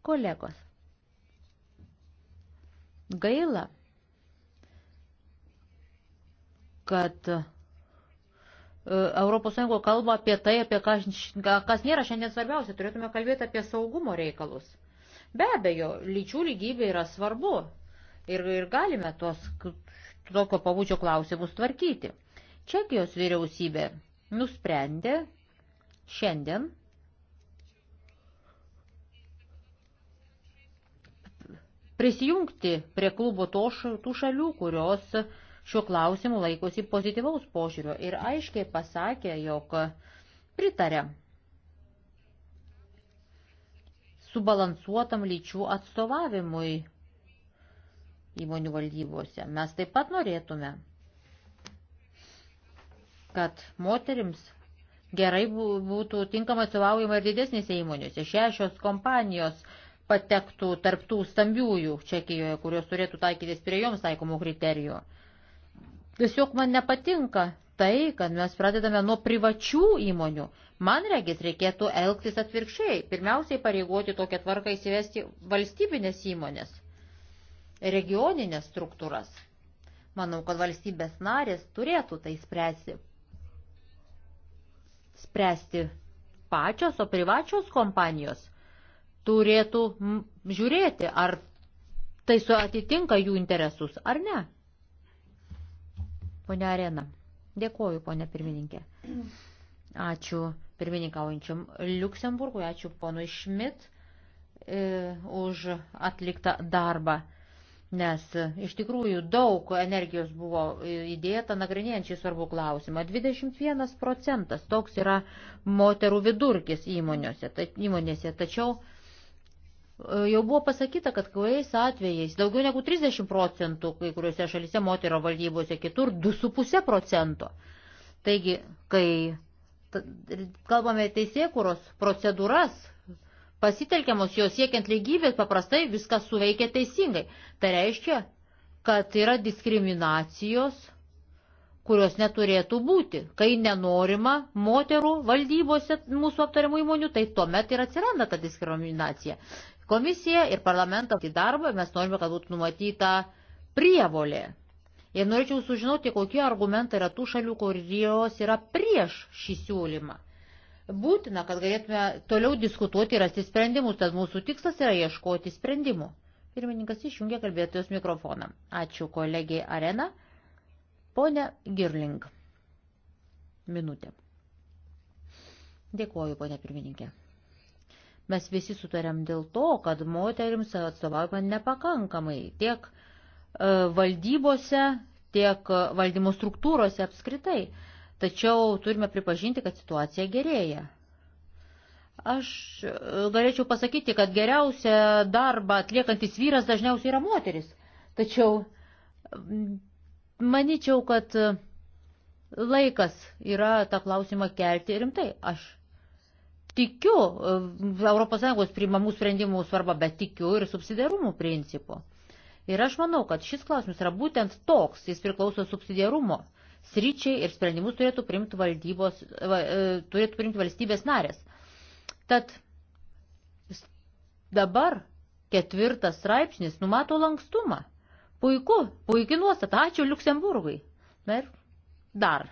Speaker 3: Kolegos. Gaila, kad ES kalba apie tai, apie kas, kas nėra šiandien svarbiausia, turėtume kalbėti apie saugumo reikalus. Be abejo, lyčių lygybė yra svarbu ir, ir galime tos tokio pabudžio klausimus tvarkyti. Čekijos vyriausybė nusprendė šiandien prisijungti prie klubo to, tų šalių, kurios uh, šiuo klausimu laikosi pozityvaus požiūrio ir aiškiai pasakė, jog pritarė subalansuotam lyčių atstovavimui įmonių valdybose. Mes taip pat norėtume, kad moterims gerai būtų tinkamai atstovaujama ir didesnėse įmonėse. Šešios kompanijos patektų tarptų stambiųjų Čekijoje, kurios turėtų taikytis prie joms taikomų kriterijų. Tiesiog man nepatinka tai, kad mes pradedame nuo privačių įmonių. Man regis reikėtų elgtis atvirkščiai. Pirmiausiai pareigoti tokią tvarką įsivesti valstybinės įmonės, regioninės struktūras. Manau, kad valstybės narės turėtų tai spręsti. Spręsti pačios, o privačios kompanijos turėtų žiūrėti, ar tai su atitinka jų interesus ar ne. Pone Arena. Dėkoju, ponė pirmininkė. Ačiū pirmininkaujančiam Luksemburgui, ačiū ponui Šmit e, už atliktą darbą, nes e, iš tikrųjų daug energijos buvo e, įdėta nagrinėjant šį svarbų klausimą. 21 procentas toks yra moterų vidurkis įmonėse, ta, įmonėse tačiau E, jau buvo pasakyta, kad kvais atvejais daugiau negu 30 procentų kai kuriuose šalyse moterio valdybose, kitur 2,5 procento. Taigi, kai kalbame teisėkuros procedūras, pasitelkiamos jos siekiant lygybės, paprastai viskas suveikia teisingai. Tai reiškia, kad yra diskriminacijos, kurios neturėtų būti. Kai nenorima moterų valdybose mūsų aptariamų įmonių, tai tuomet ir atsiranda ta diskriminacija komisiją ir parlamentą į darbą, mes norime, kad būtų numatyta prievolė. Ir norėčiau sužinoti, kokie argumentai yra tų šalių, kurios yra prieš šį siūlymą. Būtina, kad galėtume toliau diskutuoti ir rasti sprendimus, tad mūsų tikslas yra ieškoti sprendimų. Pirmininkas išjungia kalbėtojos mikrofoną. Ačiū kolegijai Arena. Pone Girling. Minutė. Dėkuoju, ponė pirmininkė. Mes visi sutarėm dėl to, kad moterims atstovaujama nepakankamai tiek e, valdybose, tiek e, valdymo struktūrose apskritai. Tačiau turime pripažinti, kad situacija gerėja. Aš e, galėčiau pasakyti, kad geriausia darbą atliekantis vyras dažniausiai yra moteris. Tačiau manyčiau, kad laikas yra tą klausimą kelti rimtai. Aš tikiu e, ES priimamų sprendimų svarbą, bet tikiu ir subsidiarumų principu. Ir aš manau, kad šis klausimas yra būtent toks, jis priklauso subsidiarumo sryčiai ir sprendimus turėtų priimti, valdybos, e, turėtų priimti valstybės narės. Tad dabar ketvirtas straipsnis numato lankstumą. Puiku, puikiai nuostata, ačiū Luksemburgui. Na ir dar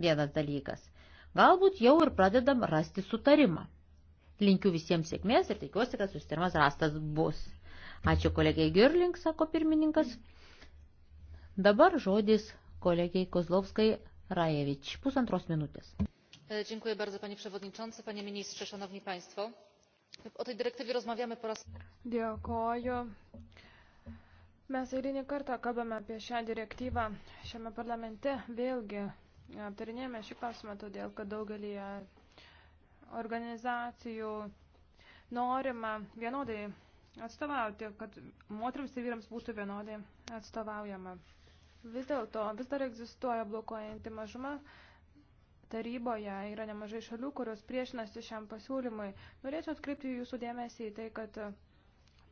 Speaker 3: vienas dalykas. Galbūt jau ir pradedam rasti sutarimą. Linkiu visiems sėkmės ir tikiuosi, kad sustarimas rastas bus. Ačiū kolegiai Girling, sako pirmininkas. Dabar žodis kolegiai Kozlovskai Rajevič. Pusantros minutės. E, dziękuję bardzo, panie przewodniczący, panie ministrze, szanowni państwo. O tej dyrektywie rozmawiamy po raz... Dziękuję.
Speaker 4: Mes eilinį kartą kalbame apie šią direktyvą šiame parlamente. Vėlgi aptarinėjame šį klausimą todėl, kad daugelį organizacijų norima vienodai atstovauti, kad moteriams ir vyrams būtų vienodai atstovaujama. Vis dėlto vis dar egzistuoja blokuojanti mažuma. Taryboje yra nemažai šalių, kurios priešinasi šiam pasiūlymui. Norėčiau atkreipti jūsų dėmesį į tai, kad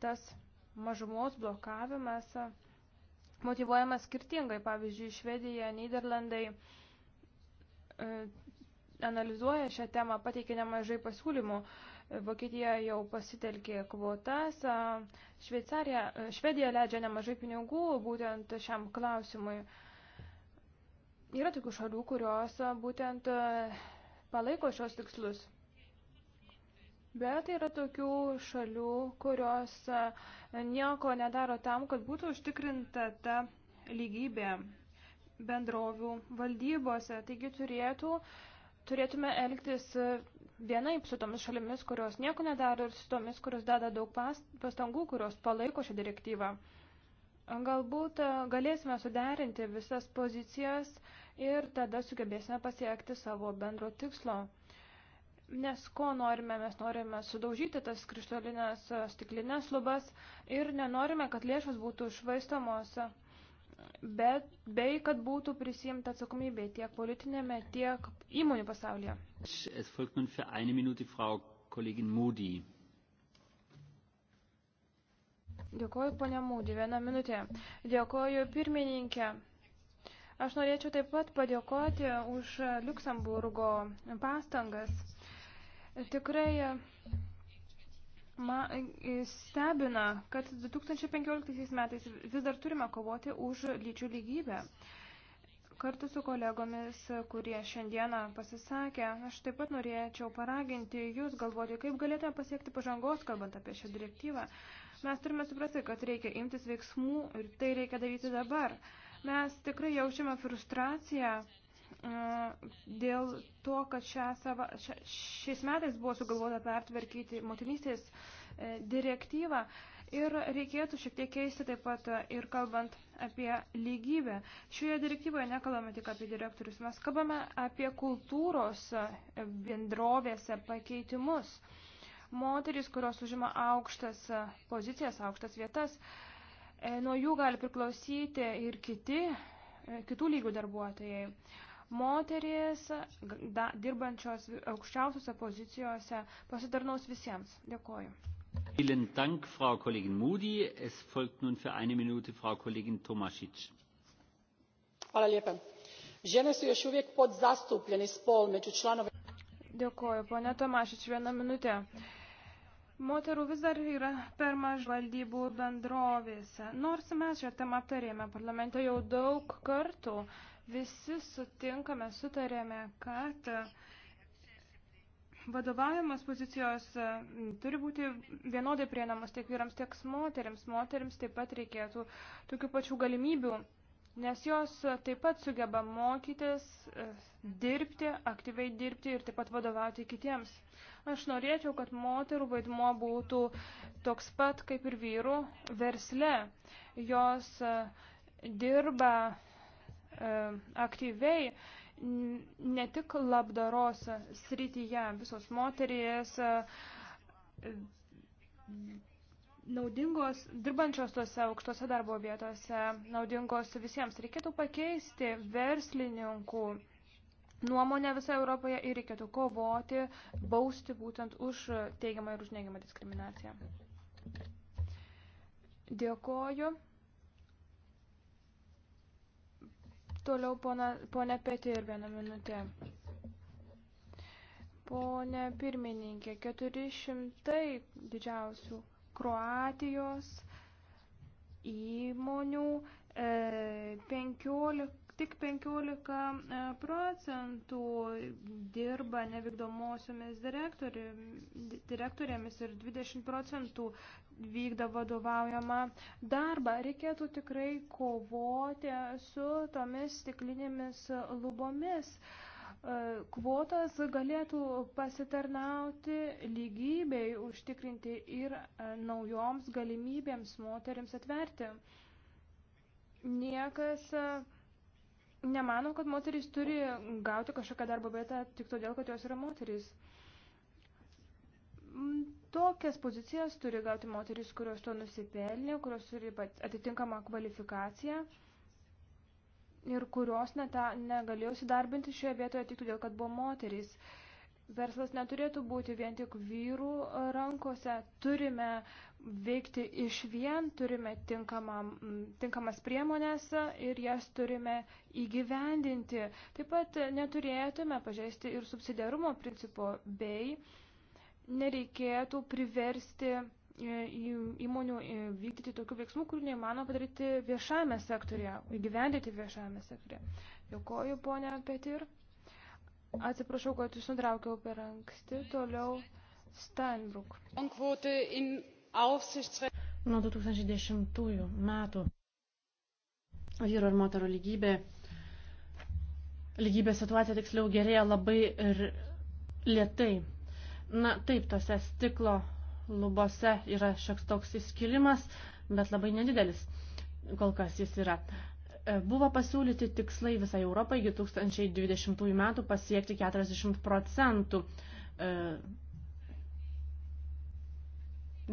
Speaker 4: tas mažumos blokavimas motivuojamas skirtingai. Pavyzdžiui, Švedija, Niderlandai E, analizuoja šią temą, pateikė nemažai pasiūlymų. Vokietija jau pasitelkė kvotas, Šveicarija, e, Švedija leidžia nemažai pinigų būtent šiam klausimui. Yra tokių šalių, kurios būtent e, palaiko šios tikslus. Bet yra tokių šalių, kurios nieko nedaro tam, kad būtų užtikrinta ta lygybė bendrovių valdybose. Taigi turėtų, turėtume elgtis e, vienaip su tomis šalimis, kurios nieko nedaro ir su tomis, kurios dada daug pastangų, kurios palaiko šią direktyvą. Galbūt e, galėsime suderinti visas pozicijas ir tada sugebėsime pasiekti savo bendro tikslo. Nes ko norime, mes norime sudaužyti tas krištolinės e, stiklinės lubas ir nenorime, kad lėšos būtų išvaistamos bet bei kad būtų prisimta atsakomybė tiek politinėme, tiek įmonių pasaulyje. Es folgt nun für eine Minute Frau Kollegin Moody. Dėkoju, ponia Mūdį, vieną minutę. Dėkoju, pirmininkė. Aš norėčiau taip pat padėkoti už Luksemburgo pastangas. Tikrai Ma, e, stebina, kad 2015 metais vis dar turime kovoti už lyčių lygybę. Kartu su kolegomis, kurie šiandieną pasisakė, aš taip pat norėčiau paraginti jūs galvoti, kaip galėtume pasiekti pažangos, kalbant apie šią direktyvą. Mes turime suprasti, kad reikia imtis veiksmų ir tai reikia daryti dabar. Mes tikrai jaučiame frustraciją dėl to, kad šią sava, šia, šiais metais buvo sugalvota pertvarkyti motinystės e, direktyvą ir reikėtų šiek tiek keisti taip pat ir kalbant apie lygybę. Šioje direktyvoje nekalbame tik apie direktorius, mes kalbame apie kultūros bendrovėse pakeitimus. Moterys, kurios užima aukštas pozicijas, aukštas vietas, e, nuo jų gali priklausyti ir kiti, e, kitų lygių darbuotojai moterys da, dirbančios aukščiausiose pozicijose pasitarnaus visiems. Dėkoju. Vielen Dank, Frau Kollegin Moody. Es folgt nun für eine Minute Frau Kollegin Tomasic. Hvala lijepa. Žene su još uvijek podzastupljeni spol među članovima. Dėkoju, ponia Tomašič, vieną minutę. Moterų vis dar yra per maž valdybų bendrovėse. Nors mes šią temą aptarėme parlamente jau daug kartų, uh, visi sutinkame, sutarėme, kad vadovavimas pozicijos e, turi būti vienodai prieinamos tiek vyrams, tiek moteriams. Moteriams taip pat reikėtų tokių pačių galimybių, nes jos taip pat sugeba mokytis, e, dirbti, aktyviai dirbti ir taip pat vadovauti kitiems. Aš norėčiau, kad moterų vaidmuo būtų toks pat kaip ir vyrų versle. Jos e, dirba E, aktyviai ne tik labdaros srityje visos moterys e, naudingos, dirbančios tose aukštose darbo vietose, naudingos visiems. Reikėtų pakeisti verslininkų nuomonę visą Europoje ir reikėtų kovoti, bausti būtent už teigiamą ir už neigiamą diskriminaciją. Dėkoju. Toliau pona, pone Peti ir vieną minutę. Pone pirmininkė, 400 didžiausių Kroatijos įmonių, 15 e, tik 15 e, procentų dirba nevykdomosiomis direktorėmis ir 20 procentų vykdo vadovaujama darbą. Reikėtų tikrai kovoti su tomis stiklinėmis lubomis. E, Kvotas galėtų pasitarnauti lygybei, užtikrinti ir e, naujoms galimybėms moteriams atverti. Niekas nemano, kad moterys turi gauti kažkokią darbo vietą tik todėl, kad jos yra moterys. Mm, tokias pozicijas turi gauti moterys, kurios to nusipelnė, kurios turi atitinkamą kvalifikaciją ir kurios neta, negalėjo įsidarbinti šioje vietoje tik todėl, kad buvo moterys. Uh, Verslas neturėtų būti vien tik vyrų e, rankose. Turime veikti iš vien, turime tinkamą, tinkamas priemonės e, ir jas turime įgyvendinti. Taip pat e, neturėtume pažeisti ir subsidiarumo principo bei nereikėtų priversti įmonių vykdyti tokių veiksmų, kurių neįmanoma padaryti viešame sektorėje, įgyvendyti viešame sektorėje. Dėkoju, ponia Petir. Atsiprašau, kad jūs nutraukiau per anksti. Toliau Steinbrück.
Speaker 2: Nuo 2010 metų vyro ir moterų lygybė, lygybė situacija tiksliau gerėja labai ir lietai. Na taip, tose stiklo lubose yra šioks toks įskilimas, bet labai nedidelis kol kas jis yra. E, buvo pasiūlyti tikslai visai Europai iki 2020 metų pasiekti 40 procentų e,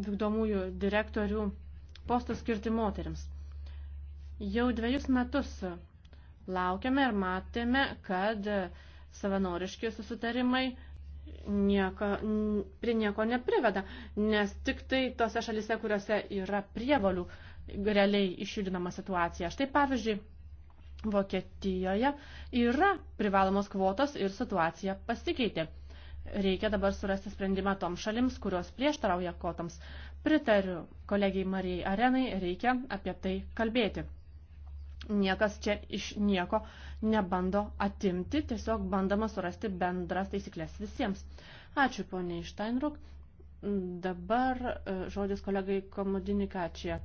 Speaker 2: vykdomųjų direktorių postų skirti moteriams. Jau dviejus metus laukiame ir matėme, kad savanoriški susitarimai nieko, prie nieko nepriveda, nes tik tai tose šalise, kuriuose yra prievalių, realiai išjudinama situacija. Štai pavyzdžiui, Vokietijoje yra privalomos kvotos ir situacija pasikeitė. Reikia dabar surasti sprendimą toms šalims, kurios prieštarauja kvotams. Pritariu kolegijai Marijai Arenai, reikia apie tai kalbėti. Niekas čia iš nieko nebando atimti, tiesiog bandama surasti bendras taisyklės visiems. Ačiū poniai Steinruk. Dabar e, žodis kolegai Komodinikačia.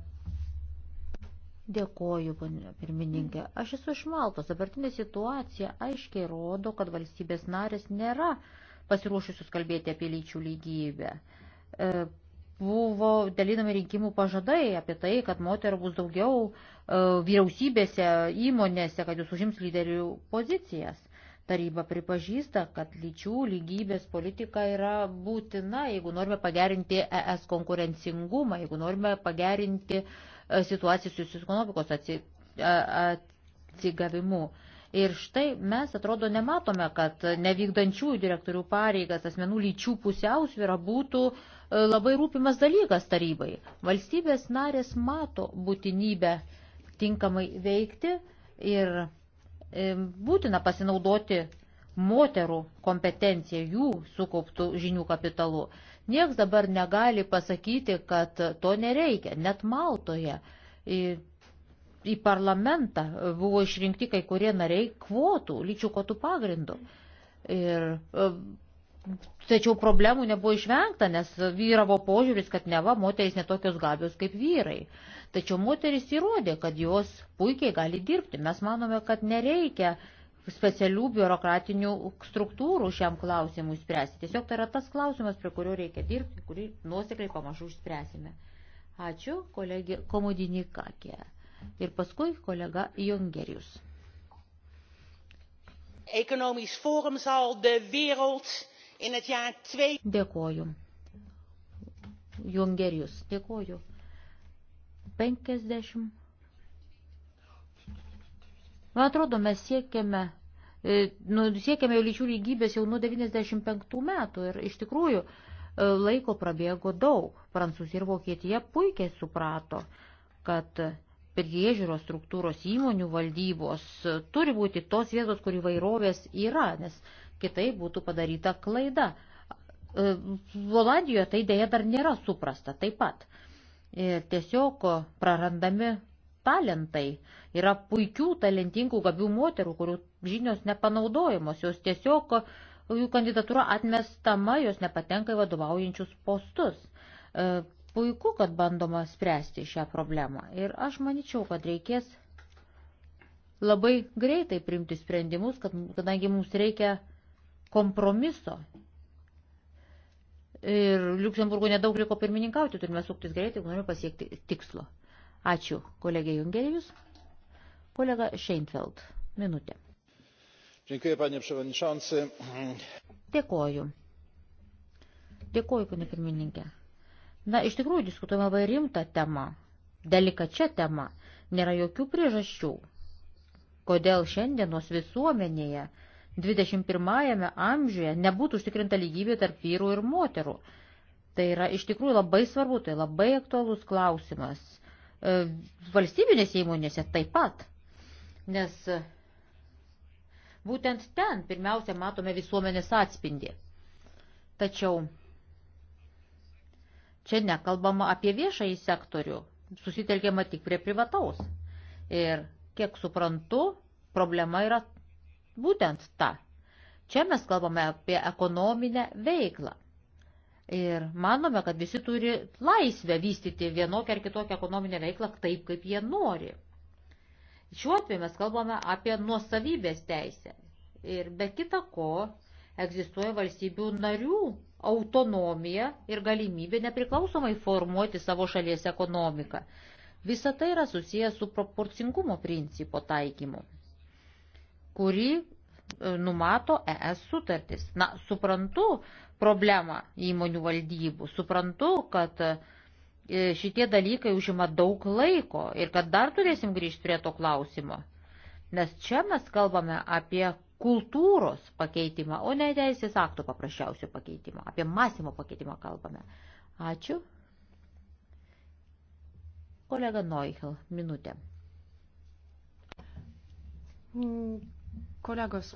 Speaker 3: Dėkoju, ponė pirmininkė. Aš esu iš Maltos. Dabartinė situacija aiškiai rodo, kad valstybės narės nėra pasiruošusius kalbėti apie lyčių lygybę. E, buvo dalinami rinkimų pažadai apie tai, kad moterų bus daugiau e, vyriausybėse, įmonėse, kad jūs užims lyderių pozicijas. Taryba pripažįsta, kad lyčių lygybės politika yra būtina, jeigu norime pagerinti ES konkurencingumą, jeigu norime pagerinti uh, E, situacijos su ekonomikos atsigavimu. Ir štai mes atrodo nematome, kad nevykdančiųjų direktorių pareigas asmenų lyčių pusiausvėra būtų e, labai rūpimas dalykas tarybai. Valstybės narės mato būtinybę tinkamai veikti ir e, būtina pasinaudoti moterų kompetenciją, jų sukauptų žinių kapitalu. Niekas dabar negali pasakyti, kad to nereikia. Net Maltoje į, į parlamentą buvo išrinkti kai kurie nariai kvotų, lyčių kvotų pagrindų. Ir, e, tačiau problemų nebuvo išvengta, nes vyravo požiūris, kad neva moteris netokios gabios kaip vyrai. Tačiau moteris įrodė, kad jos puikiai gali dirbti. Mes manome, kad nereikia specialių biurokratinių struktūrų šiam klausimui spręsti. Tiesiog tai yra tas klausimas, prie kurio reikia dirbti, kurį nuosekliai pamažu išspręsime. Ačiū, kolegė Komodinikakė. Ir paskui kolega Jungerius.
Speaker 2: Economisch forum zal de wereld in het jaar 2.
Speaker 3: Dėkoju. Jungerius, dėkoju. 50 Man atrodo, mes siekiame, e, nu, siekiame jau lyčių lygybės jau nuo 95 metų ir iš tikrųjų e, laiko prabėgo daug. Prancūzija ir Vokietija puikiai suprato, kad priežiūros struktūros įmonių valdybos e, turi būti tos vietos, kur įvairovės yra, nes kitai būtų padaryta klaida. Volandijoje tai dėja dar nėra suprasta taip pat. Ir tiesiog prarandami talentai. Yra puikių, talentingų, gabių moterų, kurių žinios nepanaudojamos, jos tiesiog jų kandidatūra atmestama, jos nepatenka į vadovaujančius postus. E, puiku, kad bandoma spręsti šią problemą. Ir aš manyčiau, kad reikės labai greitai primti sprendimus, kad, kadangi mums reikia kompromiso. Ir Luksemburgo nedaug liko pirmininkauti, turime suktis greitai, jeigu norime pasiekti tikslo. Ačiū, kolegė Jungerijus. Kolega Šeinfeld, minutė.
Speaker 4: Dziękuję, panie przewodniczący.
Speaker 3: Dėkoju. Dėkoju, pane pirmininkė. Na, iš tikrųjų, diskutuojame labai rimtą temą, delikačią temą. Nėra jokių priežasčių, kodėl šiandienos visuomenėje 21 amžiuje nebūtų užtikrinta lygybė tarp vyrų ir moterų. Tai yra iš tikrųjų labai svarbu, tai labai aktualus klausimas. E, valstybinėse įmonėse taip pat. Nes būtent ten pirmiausia matome visuomenės atspindį. Tačiau čia nekalbama apie viešąjį sektorių, susitelkiama tik prie privataus. Ir kiek suprantu, problema yra būtent ta. Čia mes kalbame apie ekonominę veiklą. Ir manome, kad visi turi laisvę vystyti vienokią ar kitokią ekonominę veiklą taip, kaip jie nori. Šiuo atveju mes kalbame apie nuosavybės teisę. Ir be kita ko egzistuoja valstybių narių autonomija ir galimybė nepriklausomai formuoti savo šalies ekonomiką. Visa tai yra susijęs su proporcingumo principo taikymu, kurį e, numato ES sutartis. Na, suprantu, problemą įmonių valdybų. Suprantu, kad e, šitie dalykai užima daug laiko ir kad dar turėsim grįžti prie to klausimo. Nes čia mes kalbame apie kultūros pakeitimą, o ne teisės aktų paprasčiausio pakeitimą. Apie masimo pakeitimą kalbame. Ačiū. Kolega Noichel, minutė. Mm, kolegos,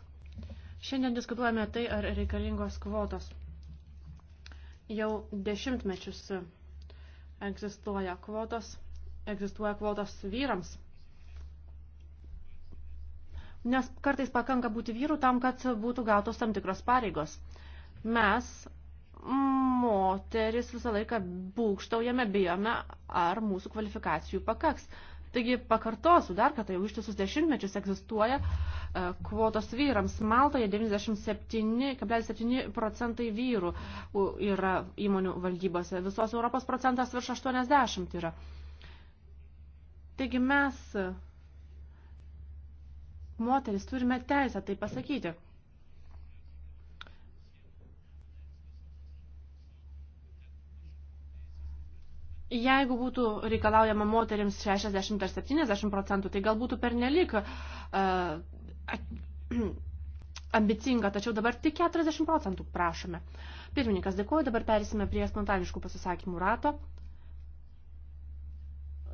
Speaker 2: šiandien diskutuojame tai, ar reikalingos kvotos. Jau dešimtmečius egzistuoja kvotos, egzistuoja kvotos vyrams. Nes kartais pakanka būti vyru tam, kad būtų gautos tam tikros pareigos. Mes, moteris, visą laiką būkštaujame, bijome, ar mūsų kvalifikacijų pakaks. Taigi pakartosiu dar, kad jau ištisus dešimtmečius egzistuoja e, kvotos vyrams. Maltoje 97,7 procentai vyrų yra įmonių valdybose. Visos Europos procentas virš 80 yra. Taigi mes, moteris, turime teisę tai pasakyti. Jeigu būtų reikalaujama moteriams 60 ar 70 procentų, tai gal būtų pernelik uh, ambicinga, tačiau dabar tik 40 procentų prašome. Pirmininkas, dėkuoju, dabar perėsime prie spontaniškų pasisakymų rato.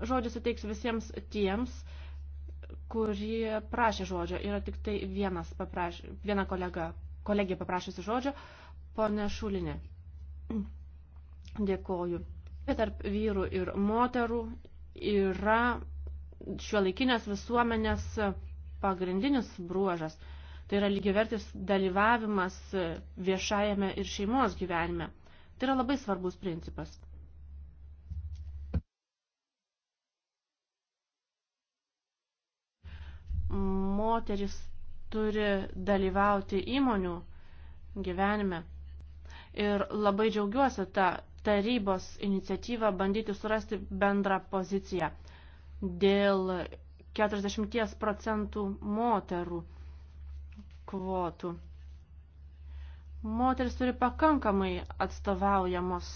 Speaker 2: Žodį suteiksiu visiems tiems, kurie prašė žodžio. Yra tik tai vienas paprašė, viena kolega, kolegija paprašėsi žodžio, ponė Šulinė. Dėkuoju. Bet tarp vyrų ir moterų yra šiuolaikinės visuomenės pagrindinis bruožas. Tai yra lygivertis dalyvavimas viešajame ir šeimos gyvenime. Tai yra labai svarbus principas. Moteris turi dalyvauti įmonių gyvenime. Ir labai džiaugiuosi tą tarybos iniciatyvą bandyti surasti bendrą poziciją dėl 40 procentų moterų kvotų. Moteris turi pakankamai atstovaujamos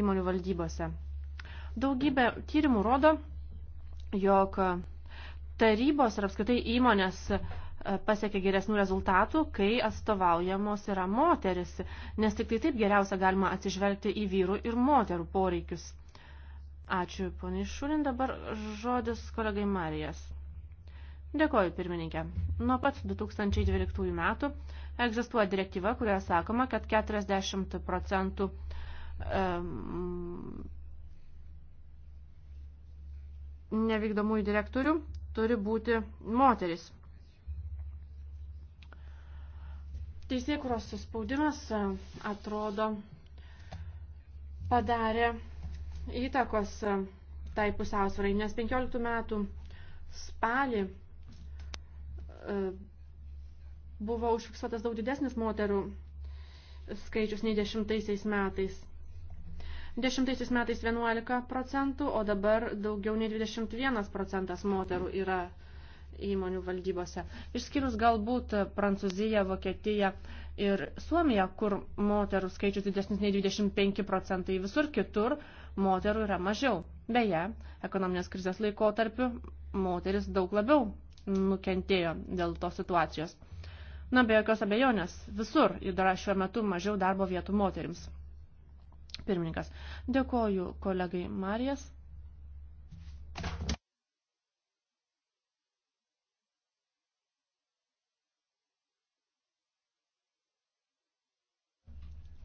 Speaker 2: įmonių valdybose. Daugybė tyrimų rodo, jog tarybos ir apskritai įmonės pasiekia geresnių rezultatų, kai atstovaujamos yra moteris, nes tik tai taip geriausia galima atsižvelgti į vyrų ir moterų poreikius. Ačiū, poniai Šulin, dabar žodis kolegai Marijas. Dėkoju, pirmininkė. Nuo pat 2012 metų egzistuoja direktyva, kurioje sakoma, kad 40 procentų um, nevykdomųjų direktorių turi būti moteris. Teisėkuros suspaudimas e, atrodo padarė įtakos e, tai pusiausvarai, nes 15 metų spalį e, buvo užfiksuotas daug didesnis moterų skaičius nei dešimtaisiais metais. Dešimtaisiais metais 11 procentų, o dabar daugiau nei 21 procentas moterų yra įmonių valdybose. Išskyrus galbūt Prancūziją, Vokietiją ir Suomiją, kur moterų skaičius didesnis nei 25 procentai, visur kitur moterų yra mažiau. Beje, ekonominės krizės laikotarpiu moteris daug labiau nukentėjo dėl tos situacijos. Na, be jokios abejonės, visur yra šiuo metu mažiau darbo vietų moterims. Pirmininkas, dėkoju kolegai Marijas.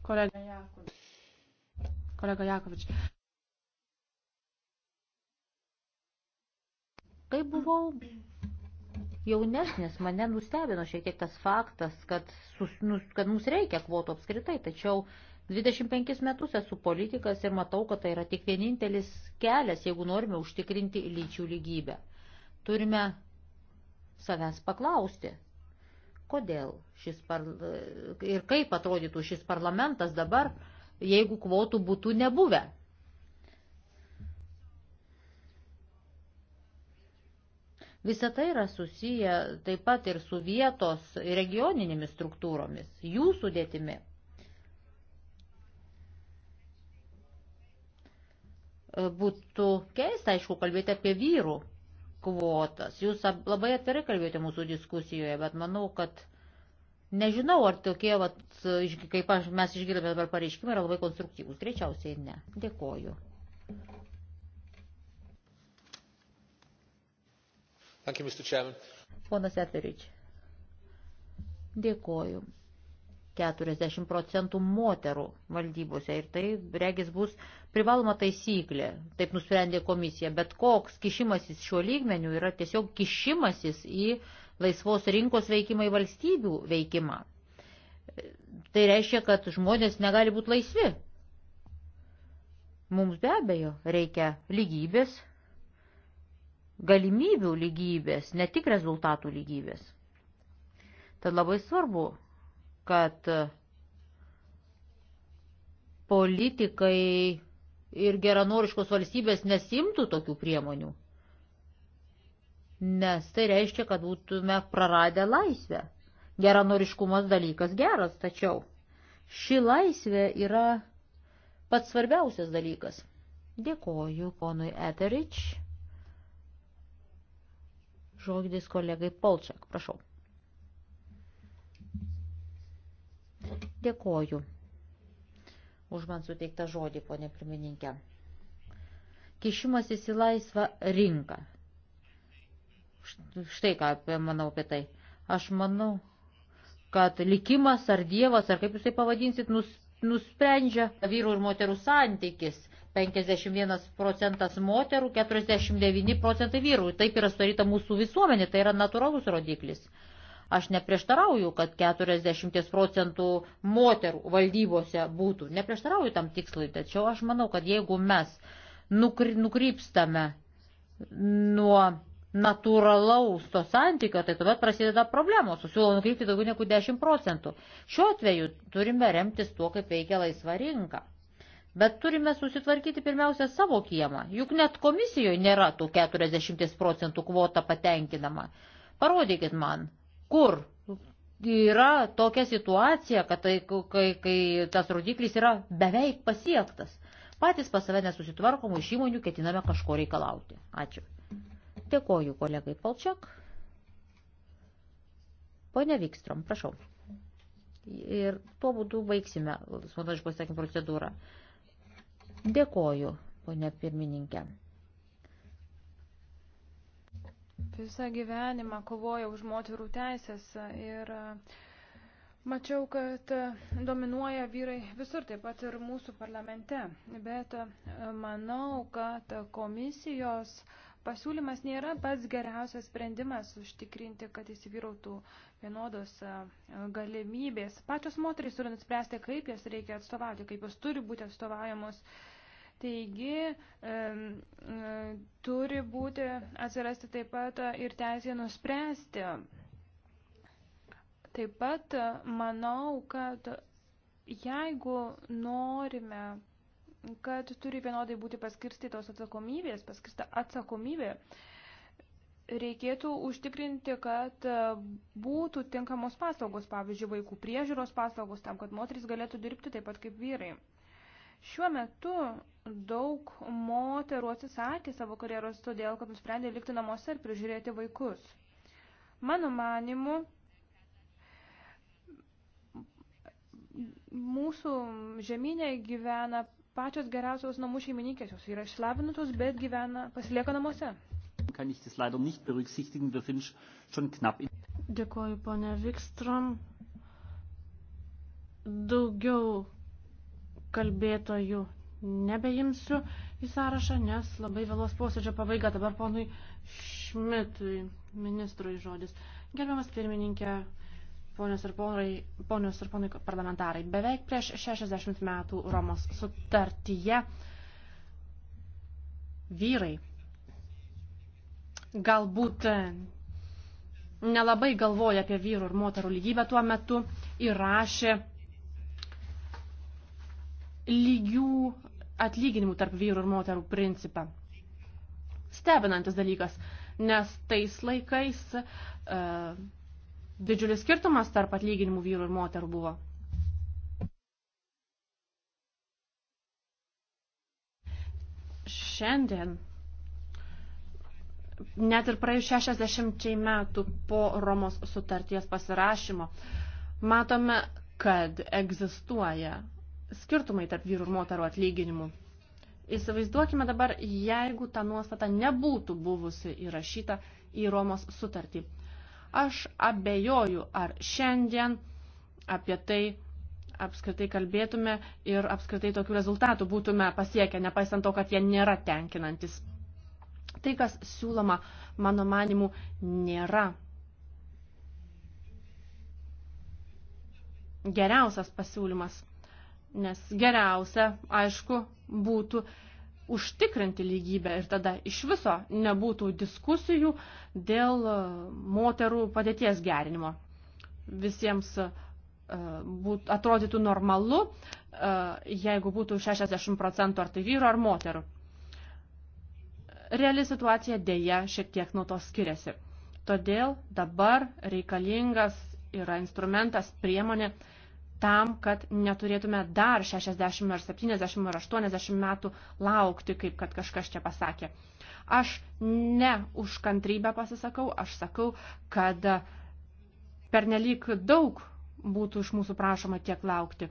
Speaker 2: Kolega Jakovič.
Speaker 3: Kolega Jakovič. Kai buvau jaunesnis, mane nustebino šiek tiek tas faktas, kad, sus, nu, kad mums reikia kvotų apskritai, tačiau 25 metus esu politikas ir matau, kad tai yra tik vienintelis kelias, jeigu norime užtikrinti lyčių lygybę. Turime savęs paklausti, kodėl šis par... ir kaip atrodytų šis parlamentas dabar, jeigu kvotų būtų nebuvę. Visą tai yra susiję taip pat ir su vietos regioninėmis struktūromis, jų sudėtimi. Būtų keista, aišku, kalbėti apie vyrų kvotas. Jūs labai atvirai kalbėjote mūsų diskusijoje, bet manau, kad nežinau, ar tokie, vat, kaip aš, mes išgirdome dabar pareiškimai, yra labai konstruktyvūs. Greičiausiai ne. Dėkoju. You, Ponas Eterič, dėkoju. 40 procentų moterų valdybose ir tai, regis, bus privaloma taisyklė, taip nusprendė komisija, bet koks kišimasis šiuo lygmeniu yra tiesiog kišimasis į laisvos rinkos veikimą, į valstybių veikimą. Tai reiškia, kad žmonės negali būti laisvi. Mums be abejo reikia lygybės, galimybių lygybės, ne tik rezultatų lygybės. Tad labai svarbu kad politikai ir geranoriškos valstybės nesimtų tokių priemonių, nes tai reiškia, kad būtume praradę laisvę. Geranoriškumas dalykas geras, tačiau ši laisvė yra pats svarbiausias dalykas. Dėkoju ponui Eterič. Žodis kolegai Polčiak, prašau. Dėkoju už man suteiktą žodį, ponė pirmininkė. Kišimasis į laisvą rinką. Štai ką manau apie tai. Aš manau, kad likimas ar dievas, ar kaip jūs tai pavadinsit, nus, nusprendžia vyrų ir moterų santykis. 51 procentas moterų, 49 procentai vyrų. Taip yra sudaryta mūsų visuomenė, tai yra natūralus rodiklis. Aš neprieštarauju, kad 40 procentų moterų valdybose būtų. Neprieštarauju tam tikslui, tačiau aš manau, kad jeigu mes nukrypstame nuo natūralaus to santykio, tai tuomet prasideda problemos, susiūlo nukrypti daugiau negu 10 procentų. Šiuo atveju turime remtis tuo, kaip veikia laisva rinka. Bet turime susitvarkyti pirmiausia savo kiemą, juk net komisijoje nėra tų 40 procentų kvota patenkinama. Parodykit man, kur yra tokia situacija, kad tai, kai, kai tas rodiklis yra beveik pasiektas. Patys pas save nesusitvarkomų iš įmonių ketiname kažko reikalauti. Ačiū. Dėkoju kolegai Palčiak. Pone Vikstrom, prašau. Ir tuo būdu baigsime spontaniškos sakymų procedūrą. Dėkoju, ponė pirmininkė.
Speaker 4: visą gyvenimą kovojau už moterų teisės ir e, mačiau, kad e, dominuoja vyrai visur, taip pat ir mūsų parlamente. Bet e, manau, kad komisijos pasiūlymas nėra pats geriausias sprendimas užtikrinti, kad įsivyrautų vienodos galimybės. Pačios moterys turi nuspręsti, kaip jas reikia atstovauti, kaip jos turi būti atstovaujamos Taigi e, turi būti atsirasti taip pat e, ir teisė nuspręsti. Taip pat e, manau, kad jeigu norime kad turi vienodai būti paskirstytos atsakomybės, paskirsta atsakomybė, reikėtų užtikrinti, kad būtų tinkamos paslaugos, pavyzdžiui, vaikų priežiūros paslaugos, tam, kad moteris galėtų dirbti taip pat kaip vyrai. Šiuo metu daug moterų atsisakė savo karjeros todėl, kad nusprendė likti namuose ir prižiūrėti vaikus. Mano manimu, mūsų žemynė gyvena pačios geriausios namų šeimininkės, jos yra išlavinusios, bet gyvena, pasilieka namuose. Kann ich das leider nicht berücksichtigen, wir sind schon knapp. Dėkuoju,
Speaker 2: ponia Vikstrom. Daugiau kalbėtojų nebeimsiu į sąrašą, nes labai vėlos posėdžio pabaiga. Dabar ponui Šmitui, ministrui žodis. Gerbiamas pirmininkė, ponios ir, ponai, ponios ir ponai parlamentarai, beveik prieš 60 metų Romos sutartyje vyrai galbūt nelabai galvoja apie vyrų ir moterų lygybę tuo metu įrašė lygių atlyginimų tarp vyrų ir moterų principą. Stebinantis dalykas, nes tais laikais e, didžiulis skirtumas tarp atlyginimų vyrų ir moterų buvo. Šiandien net ir praėjus 60 metų po Romos sutarties pasirašymo, matome, kad egzistuoja skirtumai tarp vyrų ir moterų atlyginimų. Įsivaizduokime dabar, jeigu ta nuostata nebūtų buvusi įrašyta į Romos sutartį. Aš abejoju, ar šiandien apie tai apskritai kalbėtume ir apskritai tokių rezultatų būtume pasiekę, nepaisant to, kad jie nėra tenkinantis. Tai, kas siūloma, mano manimu, nėra geriausias pasiūlymas. Nes geriausia, aišku, būtų užtikrinti lygybę ir tada iš viso nebūtų diskusijų dėl e, moterų padėties gerinimo. Visiems e, būt, atrodytų normalu, e, jeigu būtų 60 procentų ar tai vyru ar moterų. Reali situacija dėja šiek tiek nuo to skiriasi. Todėl dabar reikalingas yra instrumentas, priemonė, uh, tam, kad neturėtume dar 60 ar 70 ar 80 metų laukti, kaip kad kažkas čia pasakė. Aš ne už kantrybę pasisakau, aš sakau, kad pernelyg daug būtų iš mūsų prašoma tiek laukti.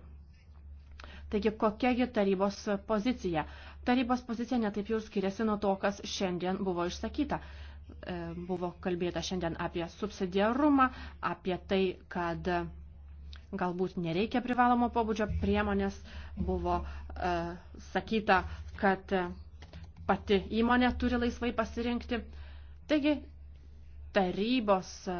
Speaker 2: Taigi, kokiagi tarybos pozicija? Tarybos pozicija netaip jau skiriasi nuo to, kas šiandien buvo išsakyta e, buvo kalbėta šiandien apie subsidiarumą, apie tai, kad galbūt nereikia privalomo pobūdžio priemonės, buvo e, sakyta, kad e, pati įmonė turi laisvai pasirinkti. Taigi, tarybos e,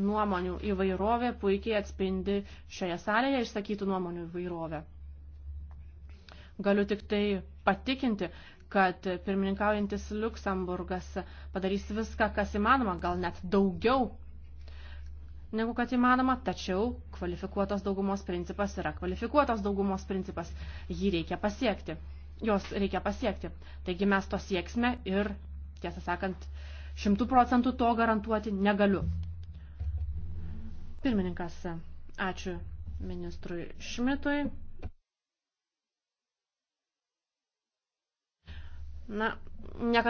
Speaker 2: nuomonių įvairovė puikiai atspindi šioje salėje išsakytų nuomonių įvairovę. Galiu tik tai patikinti, kad pirmininkaujantis Luxemburgas padarys viską, kas įmanoma, gal net daugiau negu kad įmanoma, tačiau kvalifikuotos daugumos principas yra kvalifikuotos daugumos principas. Jį reikia pasiekti. Jos reikia pasiekti. Taigi mes to sieksime ir, tiesą sakant, šimtų procentų to garantuoti negaliu. Pirmininkas, ačiū ministrui Šmitui. Na, niekada.